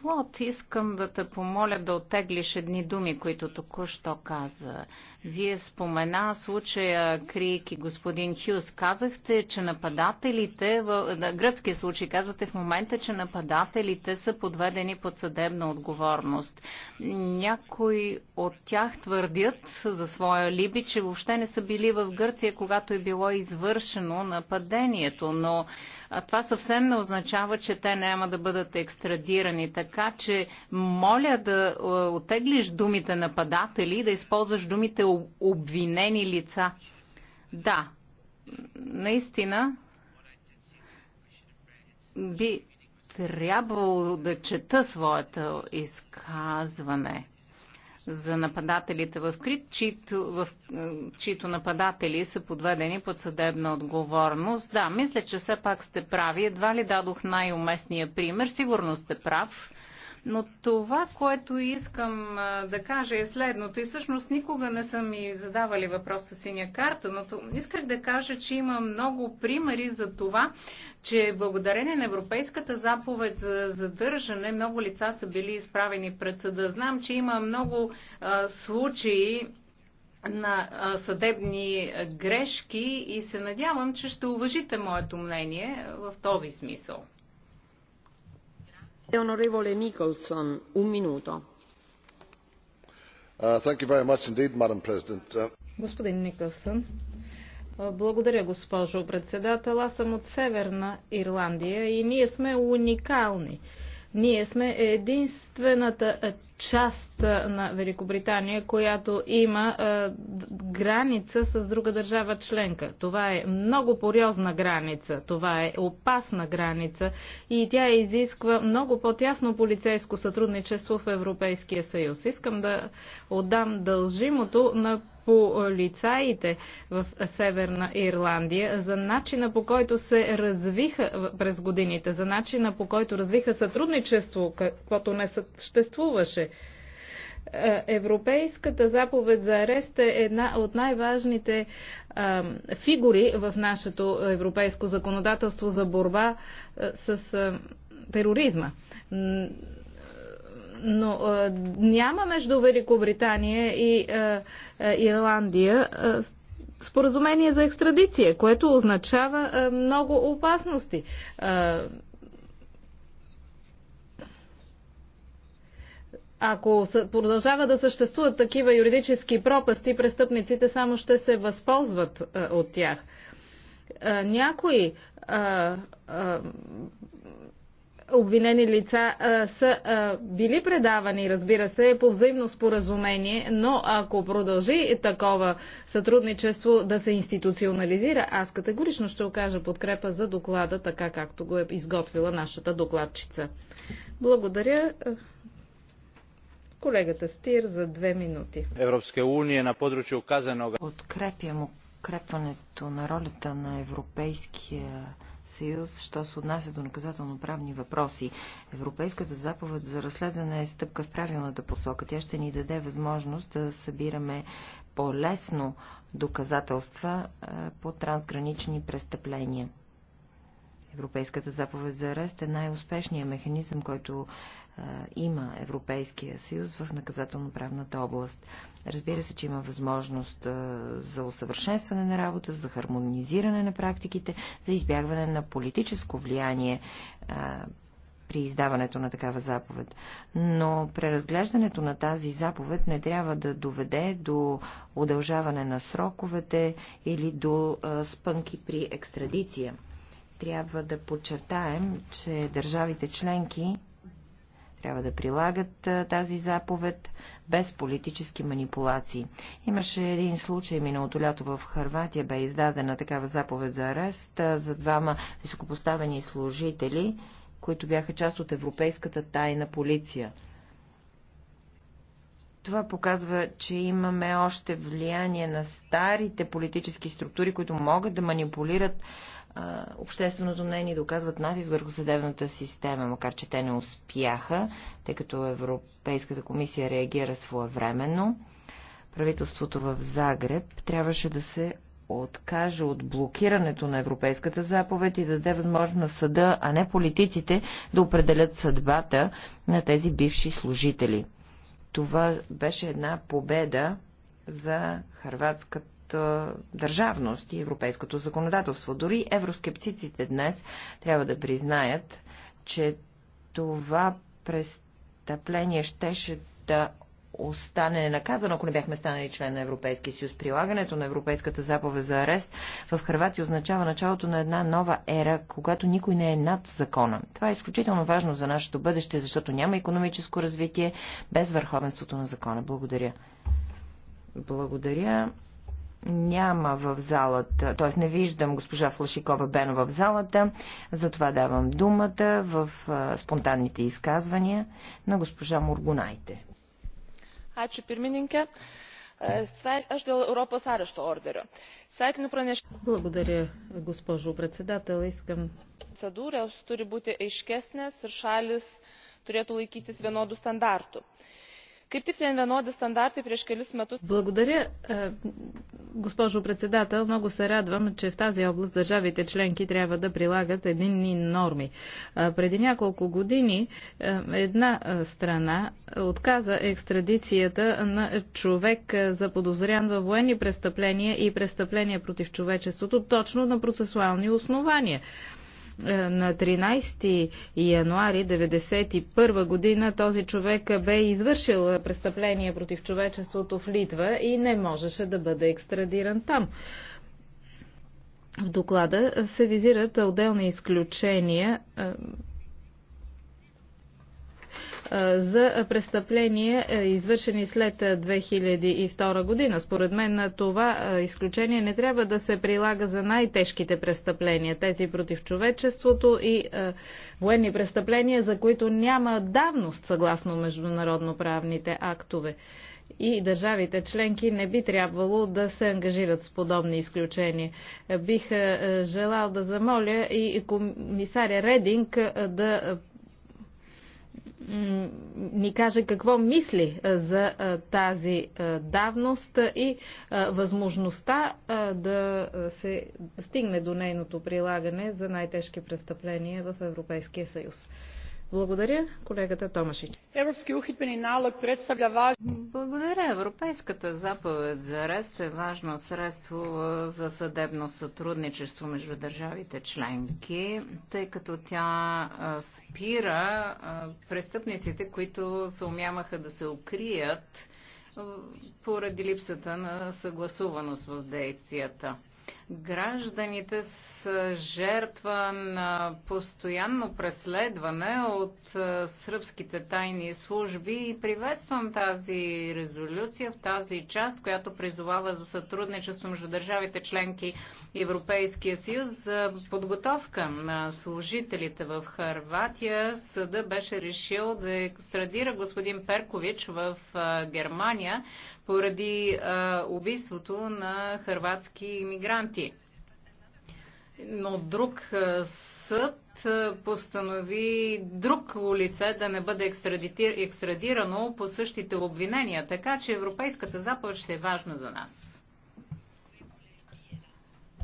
Клод, искам да те помоля да оттеглиш едни думи, които току-що каза. Вие спомена случая Крик и господин Хюс. Казахте, че нападателите, в на гръцки случай казвате в момента, че нападателите са подведени под съдебна отговорност. Някои от тях твърдят за своя либи, че въобще не са били в Гърция, когато е било извършено нападението, но а това съвсем не означава, че те няма да бъдат екстрадирани. Така че моля да отеглиш думите нападатели и да използваш думите обвинени лица. Да, наистина би трябвало да чета своето изказване за нападателите в Крит, чието, в, е, чието нападатели са подведени под съдебна отговорност. Да, мисля, че все пак сте прави. Едва ли дадох най-уместния пример. Сигурно сте прав. Но това, което искам да кажа е следното. И всъщност никога не съм ми задавали въпрос с синя карта, но исках да кажа, че има много примери за това, че благодарение на Европейската заповед за задържане много лица са били изправени пред съда. Знам, че има много а, случаи на а, съдебни грешки и се надявам, че ще уважите моето мнение в този смисъл.
Uh,
madam president uh,
господин никълсън благодаря госпожо председател аз съм от северна ирландия и ние сме уникални ние сме единствената част на Великобритания, която има е, граница с друга държава членка. Това е много пориозна граница, това е опасна граница и тя изисква много по-тясно полицейско сътрудничество в Европейския съюз. Искам да отдам дължимото на полицаите в Северна Ирландия за начина по който се развиха през годините, за начина по който развиха сътрудничество, каквото не съществуваше. Е, европейската заповед за арест е една от най-важните фигури в нашето европейско законодателство за борба е, с тероризма. Но няма между Великобритания и Ирландия споразумение за екстрадиция, което означава много опасности. Ако продължава да съществуват такива юридически пропасти, престъпниците само ще се възползват е, от тях. Е, някои е, обвинени лица а, са а, били предавани, разбира се, по взаимно споразумение, но ако продължи такова сътрудничество да се институционализира, аз категорично ще окажа подкрепа за доклада, така както го е изготвила нашата докладчица. Благодаря.
Колегата Стир за две минути.
Европейска уния на подручие указаного...
Открепям укрепването на ролята на Европейския съюз, що се отнася до наказателно-правни въпроси. Европейската заповед за разследване е стъпка в правилната посока. Тя ще ни даде възможност да събираме по-лесно доказателства по трансгранични престъпления. Европейската заповед за арест е най-успешният механизъм, който а, има Европейския съюз в наказателно-правната област. Разбира се, че има възможност а, за усъвършенстване на работа, за хармонизиране на практиките, за избягване на политическо влияние а, при издаването на такава заповед. Но преразглеждането на тази заповед не трябва да доведе до удължаване на сроковете или до а, спънки при екстрадиция трябва да подчертаем, че държавите членки трябва да прилагат тази заповед без политически манипулации. Имаше един случай миналото лято в Харватия, бе издадена такава заповед за арест за двама високопоставени служители, които бяха част от европейската тайна полиция. Това показва, че имаме още влияние на старите политически структури, които могат да манипулират общественото мнение, да оказват натиск върху съдебната система, макар че те не успяха, тъй като Европейската комисия реагира своевременно. Правителството в Загреб трябваше да се откаже от блокирането на Европейската заповед и да даде възможност на съда, а не политиците, да определят съдбата на тези бивши служители. Това беше една победа за хрватската държавност и европейското законодателство. Дори евроскептиците днес трябва да признаят, че това престъпление щеше да остане ненаказано, ако не бяхме станали член на Европейския съюз. Прилагането на Европейската заповед за арест в Харватия означава началото на една нова ера, когато никой не е над закона. Това е изключително важно за нашето бъдеще, защото няма економическо развитие без върховенството на закона. Благодаря. Благодаря няма в залата, т.е. не виждам госпожа Флашикова Бено в залата, затова давам думата в спонтанните изказвания на госпожа Моргунайте. Ačiū pirmininkė. Aš dėl Europos arešto orderio. Sveikinu pranešimą.
Благодаря, госпожо председател. Искам. Процедūros turi būti aiškesnės ir šalis turėtų laikytis vienodų standartų. Kaip tik ten vienodi стандарти през kelis metus. Благодаря, е, госпожо председател. Много се радвам, че в тази област държавите членки трябва да прилагат единни норми. Е, преди няколко години е, една страна отказа екстрадицията на човек за подозрян във военни престъпления и престъпления против човечеството точно на процесуални основания. Е, на 13 януари 1991 година този човек бе извършил престъпление против човечеството в Литва и не можеше да бъде екстрадиран там. В доклада се визират отделни изключения е, за престъпления, извършени след 2002 година. Според мен на това изключение не трябва да се прилага за най-тежките престъпления, тези против човечеството и военни престъпления, за които няма давност съгласно международно-правните актове и държавите членки не би трябвало да се ангажират с подобни изключения. Бих желал да замоля и комисаря Рединг да ни каже какво мисли за тази давност и възможността да се стигне до нейното прилагане за най-тежки престъпления в Европейския съюз. Благодаря, колегата Томашич. Европски ухитбени налог представлява важно... Благодаря. Европейската заповед за арест е важно средство за съдебно сътрудничество между държавите членки, тъй като тя спира престъпниците, които се умямаха да се укрият поради липсата на съгласуваност в действията. Гражданите са жертва на постоянно преследване от е, сръбските тайни служби и приветствам тази резолюция в тази част, която призовава за сътрудничество между държавите членки Европейския съюз за подготовка на служителите в Харватия. Съда беше решил да екстрадира господин Перкович в е, Германия поради е, убийството на харватски иммигранти членки. Но друг е, съд е, постанови друг лице да не бъде екстрадирано по същите обвинения, така че Европейската заповед ще е важна за нас.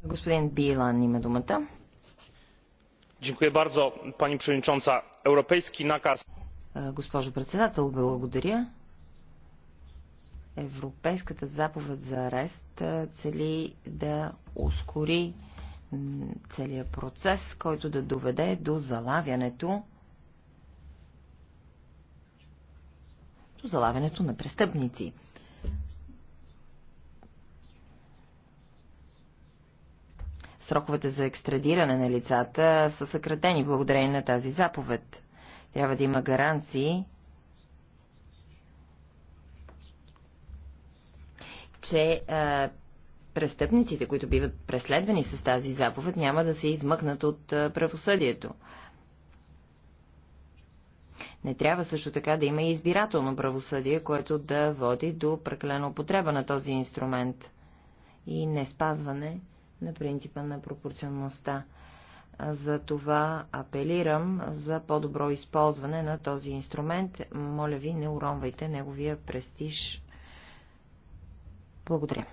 Господин Билан има думата.
Dziękuję bardzo, pani przewodnicząca. Europejski nakaz.
Е, госпожо председател, благодаря. Европейската заповед за арест цели да ускори целият процес, който да доведе до залавянето до залавянето на престъпници. Сроковете за екстрадиране на лицата са съкратени благодарение на тази заповед. Трябва да има гаранции, че а, престъпниците, които биват преследвани с тази заповед, няма да се измъкнат от а, правосъдието. Не трябва също така да има и избирателно правосъдие, което да води до прекалена употреба на този инструмент и не спазване на принципа на пропорционността. За това апелирам за по-добро използване на този инструмент. Моля ви, не уронвайте неговия престиж благодаря.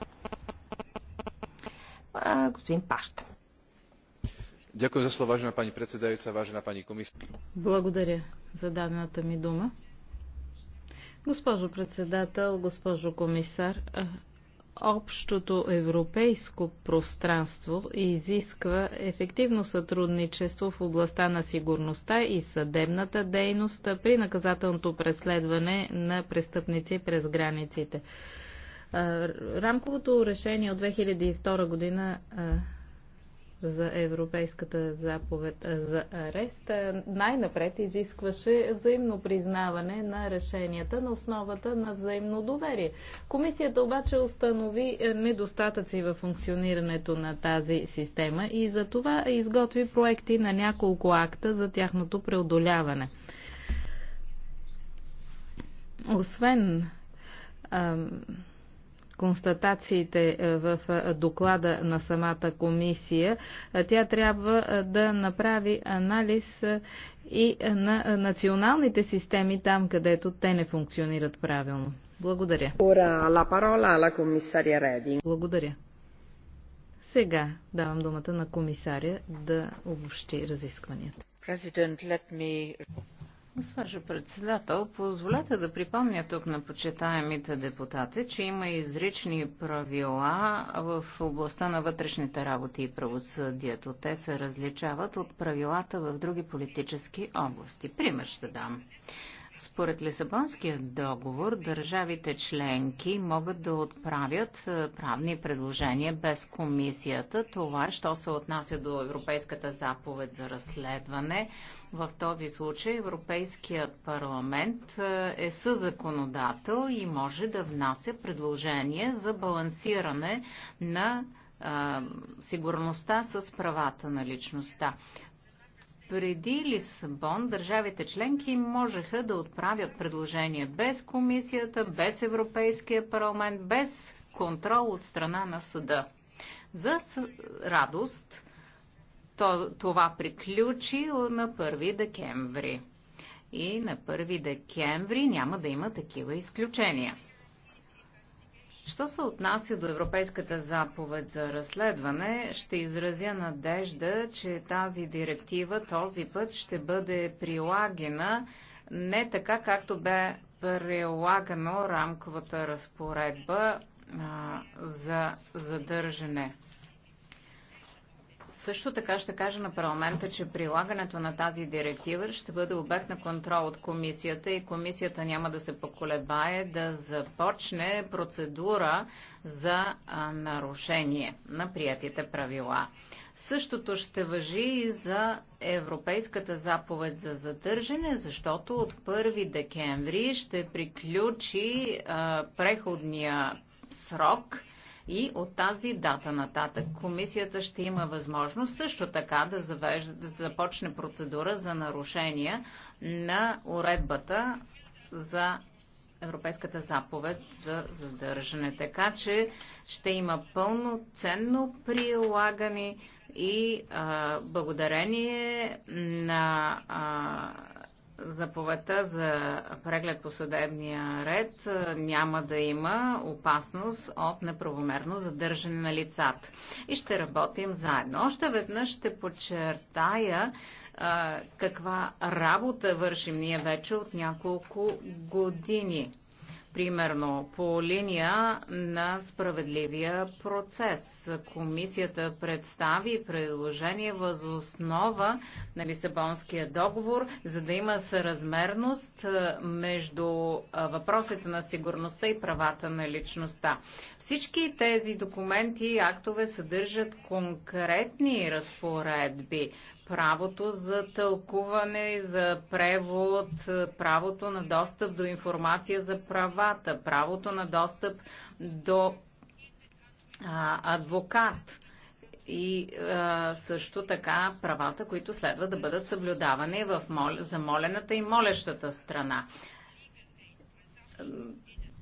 А, господин Пашта.
Дякую за слово, важна пани председавица, важна пани комисия.
Благодаря за дадената ми дума. Госпожо председател, госпожо комисар, Общото европейско пространство изисква ефективно сътрудничество в областта на сигурността и съдебната дейност при наказателното преследване на престъпници през границите. Рамковото решение от 2002 година за Европейската заповед за арест най-напред изискваше взаимно признаване на решенията на основата на взаимно доверие. Комисията обаче установи недостатъци в функционирането на тази система и за това изготви проекти на няколко акта за тяхното преодоляване. Освен ам, констатациите е, в е, доклада на самата комисия. Е, тя трябва да направи анализ и на националните системи там, където те не функционират правилно. Благодаря. Благодаря. Сега давам думата на комисаря да обобщи разискванията. Me... Госпожо председател, позволете да припомня тук на почитаемите депутати, че има изрични правила в областта на вътрешните работи и правосъдието. Те се различават от правилата в други политически области. Пример ще дам. Според Лисабонския договор, държавите членки могат да отправят е, правни предложения без комисията. Това, що се отнася до Европейската заповед за разследване, в този случай Европейският парламент е, е съзаконодател и може да внася предложение за балансиране на е, сигурността с правата на личността преди Лисабон държавите членки можеха да отправят предложения без комисията, без Европейския парламент, без контрол от страна на съда. За радост то, това приключи на 1 декември. И на 1 декември няма да има такива изключения. Що се отнася до Европейската заповед за разследване, ще изразя надежда, че тази директива този път ще бъде прилагена не така, както бе прилагано рамковата разпоредба а, за задържане. Също така ще кажа на парламента, че прилагането на тази директива ще бъде обект на контрол от комисията и комисията няма да се поколебае да започне процедура за нарушение на приятите правила. Същото ще въжи и за Европейската заповед за задържане, защото от 1 декември ще приключи а, преходния срок – и от тази дата нататък комисията ще има възможност също така да, завежда, да започне процедура за нарушения на уредбата за Европейската заповед за задържане. Така че ще има пълноценно прилагане и а, благодарение на а, заповедта за преглед по съдебния ред няма да има опасност от неправомерно задържане на лицата. И ще работим заедно. Още веднъж ще подчертая а, каква работа вършим ние вече от няколко години примерно по линия на справедливия процес. Комисията представи предложение възоснова на Лисабонския договор, за да има съразмерност е, между е, въпросите на сигурността и правата на личността. Всички тези документи и актове съдържат конкретни разпоредби правото за тълкуване, за превод, правото на достъп до информация за правата, правото на достъп до а, адвокат и а, също така правата, които следва да бъдат съблюдавани в мол... молената и молещата страна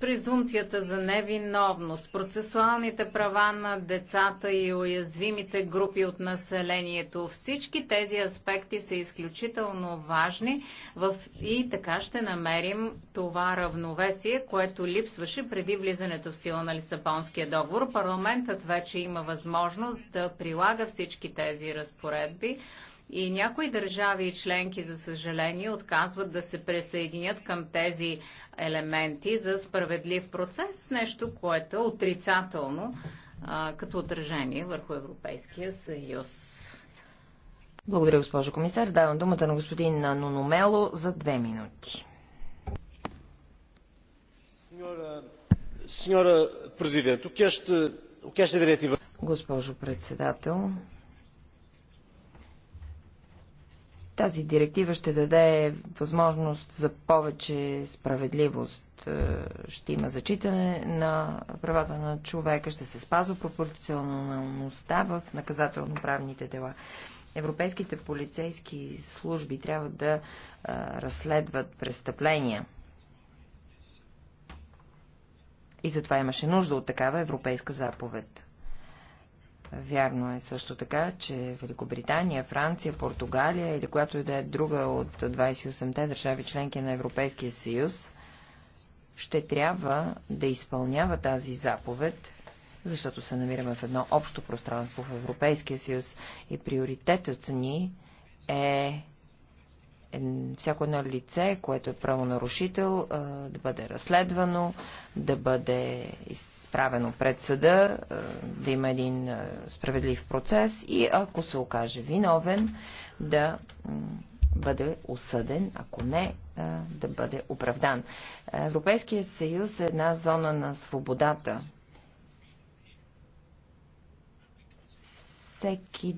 презумцията за невиновност, процесуалните права на децата и уязвимите групи от населението. Всички тези аспекти са изключително важни в... и така ще намерим това равновесие, което липсваше преди влизането в сила на Лисабонския договор. Парламентът вече има възможност да прилага всички тези разпоредби и някои държави и членки, за съжаление, отказват да се присъединят към тези елементи за справедлив процес, нещо, което е отрицателно а, като отражение върху Европейския съюз.
Благодаря, госпожо комисар. Давам думата на господин Нономело за две минути. Госпожо председател, Тази директива ще даде възможност за повече справедливост. Е, ще има зачитане на правата на човека, ще се спазва пропорционалността в наказателно-правните дела. Европейските полицейски служби трябва да е, разследват престъпления. И затова имаше нужда от такава европейска заповед. Вярно е също така, че Великобритания, Франция, Португалия или която и да е друга от 28-те държави членки на Европейския съюз, ще трябва да изпълнява тази заповед, защото се намираме в едно общо пространство в Европейския съюз и приоритетът ни е всяко едно лице, което е правонарушител, да бъде разследвано, да бъде изправено пред съда, е, да има един е, справедлив процес и ако се окаже виновен, да бъде осъден, ако не, е, да бъде оправдан. Европейския съюз е една зона на свободата. Всеки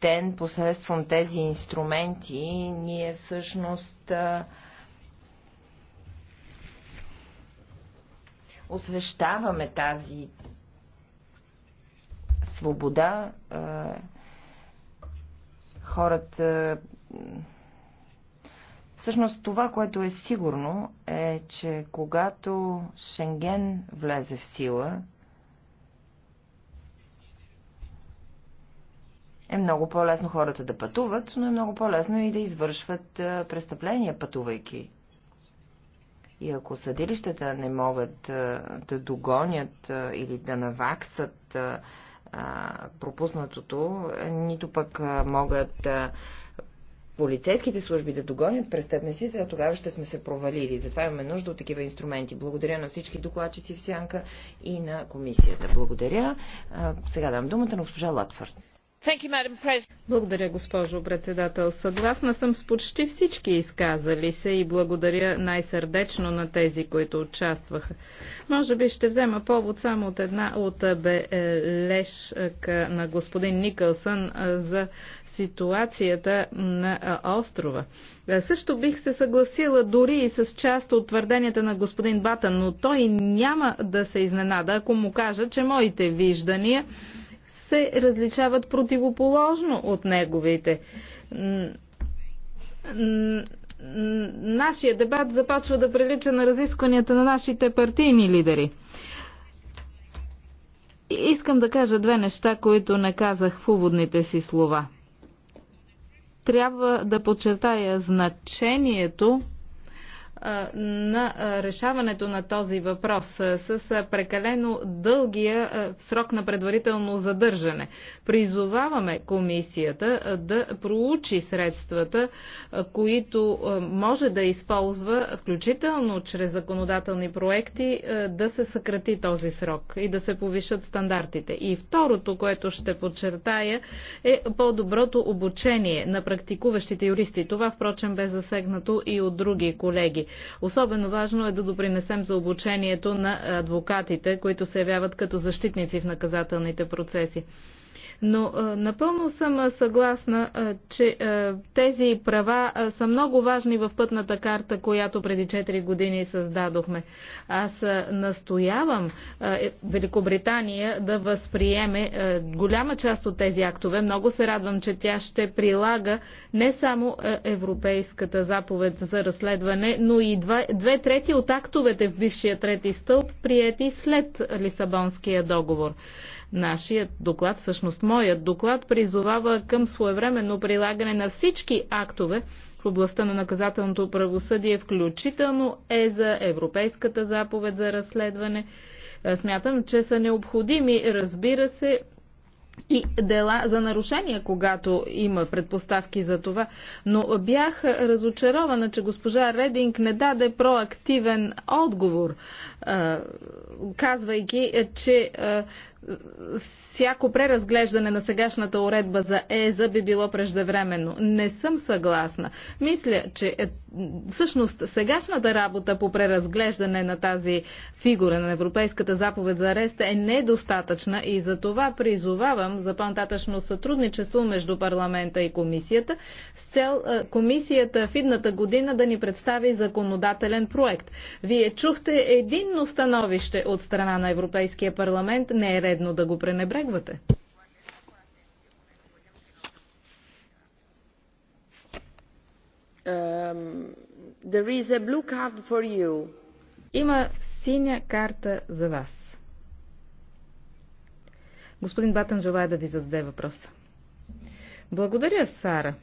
ден посредством тези инструменти ние всъщност освещаваме тази свобода, хората. Всъщност това, което е сигурно, е, че когато Шенген влезе в сила, е много по-лесно хората да пътуват, но е много по-лесно и да извършват престъпления, пътувайки. И ако съдилищата не могат да догонят или да наваксат пропуснатото, е, нито пък могат полицейските служби да догонят престъпниците, а тогава ще сме се провалили. Затова имаме нужда от такива инструменти. Благодаря на всички докладчици в Сянка и на комисията. Благодаря. Сега дам думата на госпожа Латвард. Благодаря, госпожо председател.
Съгласна съм с почти всички изказали се и благодаря най-сърдечно на тези, които участваха. Може би ще взема повод само от една от е, бележка е, на господин Никълсън е, за ситуацията на острова. Също бих се съгласила дори и с част от твърденията на господин Батън, но той няма да се изненада, ако му кажа, че моите виждания се различават противоположно от неговите. Нашия дебат започва да прилича на разискванията на нашите партийни лидери. Искам да кажа две неща, които не казах в уводните си слова. Трябва да подчертая значението на решаването на този въпрос с прекалено дългия срок на предварително задържане. Призоваваме комисията да проучи средствата, които може да използва, включително чрез законодателни проекти, да се съкрати този срок и да се повишат стандартите. И второто, което ще подчертая, е по-доброто обучение на практикуващите юристи. Това, впрочем, бе засегнато и от други колеги. Особено важно е да допринесем за обучението на адвокатите, които се явяват като защитници в наказателните процеси. Но е, напълно съм е, съгласна, е, че тези права са много важни в пътната карта, която преди 4 години създадохме. Аз настоявам Великобритания да възприеме голяма част от тези актове. Много се радвам, че тя ще прилага не само Европейската заповед за разследване, но и два, две трети от актовете в бившия трети стълб, приети след Лисабонския договор. Нашият доклад, всъщност моят доклад, призовава към своевременно прилагане на всички актове в областта на наказателното правосъдие, включително е за Европейската заповед за разследване. Е, смятам, че са необходими, разбира се, и дела за нарушения, когато има предпоставки за това. Но бях разочарована, че госпожа Рединг не даде проактивен отговор, е, казвайки, е, че всяко преразглеждане на сегашната уредба за ЕЗА би било преждевременно. Не съм съгласна. Мисля, че е, всъщност сегашната работа по преразглеждане на тази фигура на Европейската заповед за арест е недостатъчна и за това призовавам за по-нататъчно сътрудничество между парламента и комисията с цел е, комисията в идната година да ни представи законодателен проект. Вие чухте единно становище от страна на Европейския парламент. Не е редно да го
пренебрегвате. Um,
Има синя карта за вас. Господин Батън желая да ви зададе въпроса. Благодаря, Сара.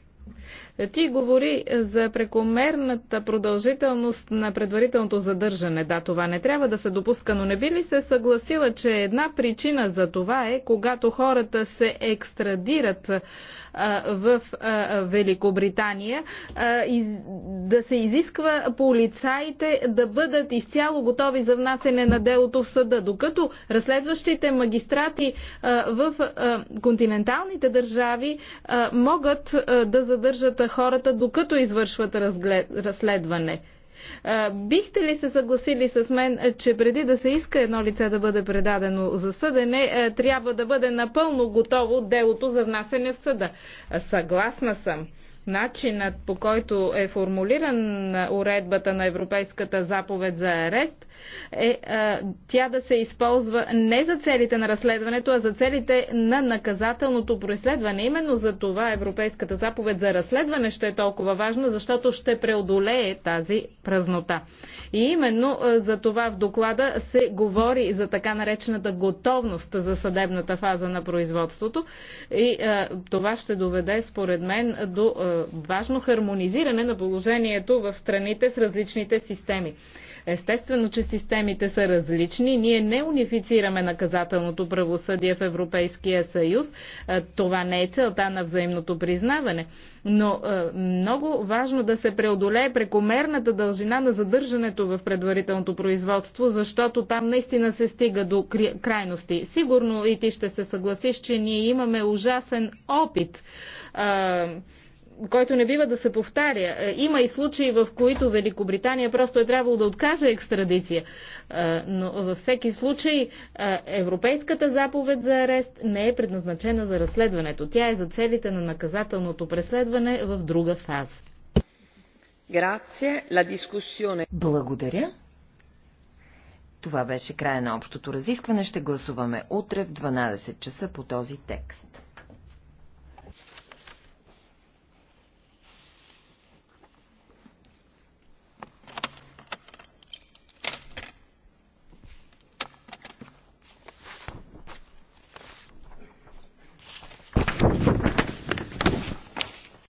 Ти говори за прекомерната продължителност на предварителното задържане. Да, това не трябва да се допуска, но не би ли се съгласила, че една причина за това е, когато хората се екстрадират в Великобритания, да се изисква полицаите да бъдат изцяло готови за внасене на делото в съда, докато разследващите магистрати в континенталните държави могат да задържат задържат хората, докато извършват разглед... разследване. Бихте ли се съгласили с мен, че преди да се иска едно лице да бъде предадено за съдене, трябва да бъде напълно готово делото за внасене в съда? Съгласна съм начинът по който е формулиран уредбата на Европейската заповед за арест, е а, тя да се използва не за целите на разследването, а за целите на наказателното преследване. Именно за това Европейската заповед за разследване ще е толкова важна, защото ще преодолее тази празнота. И именно а, за това в доклада се говори за така наречената готовност за съдебната фаза на производството и а, това ще доведе според мен до важно хармонизиране на положението в страните с различните системи. Естествено, че системите са различни. Ние не унифицираме наказателното правосъдие в Европейския съюз. Е, това не е целта на взаимното признаване. Но е, много важно да се преодолее прекомерната дължина на задържането в предварителното производство, защото там наистина се стига до крайности. Сигурно и ти ще се съгласиш, че ние имаме ужасен опит е, който не бива да се повтаря. Е, има и случаи, в които Великобритания просто е трябвало да откаже екстрадиция. Е, но във всеки случай е, Европейската заповед за арест не е предназначена за разследването. Тя е за целите на наказателното преследване в друга
фаза. Благодаря. Това беше края на общото разискване. Ще гласуваме утре в 12 часа по този текст.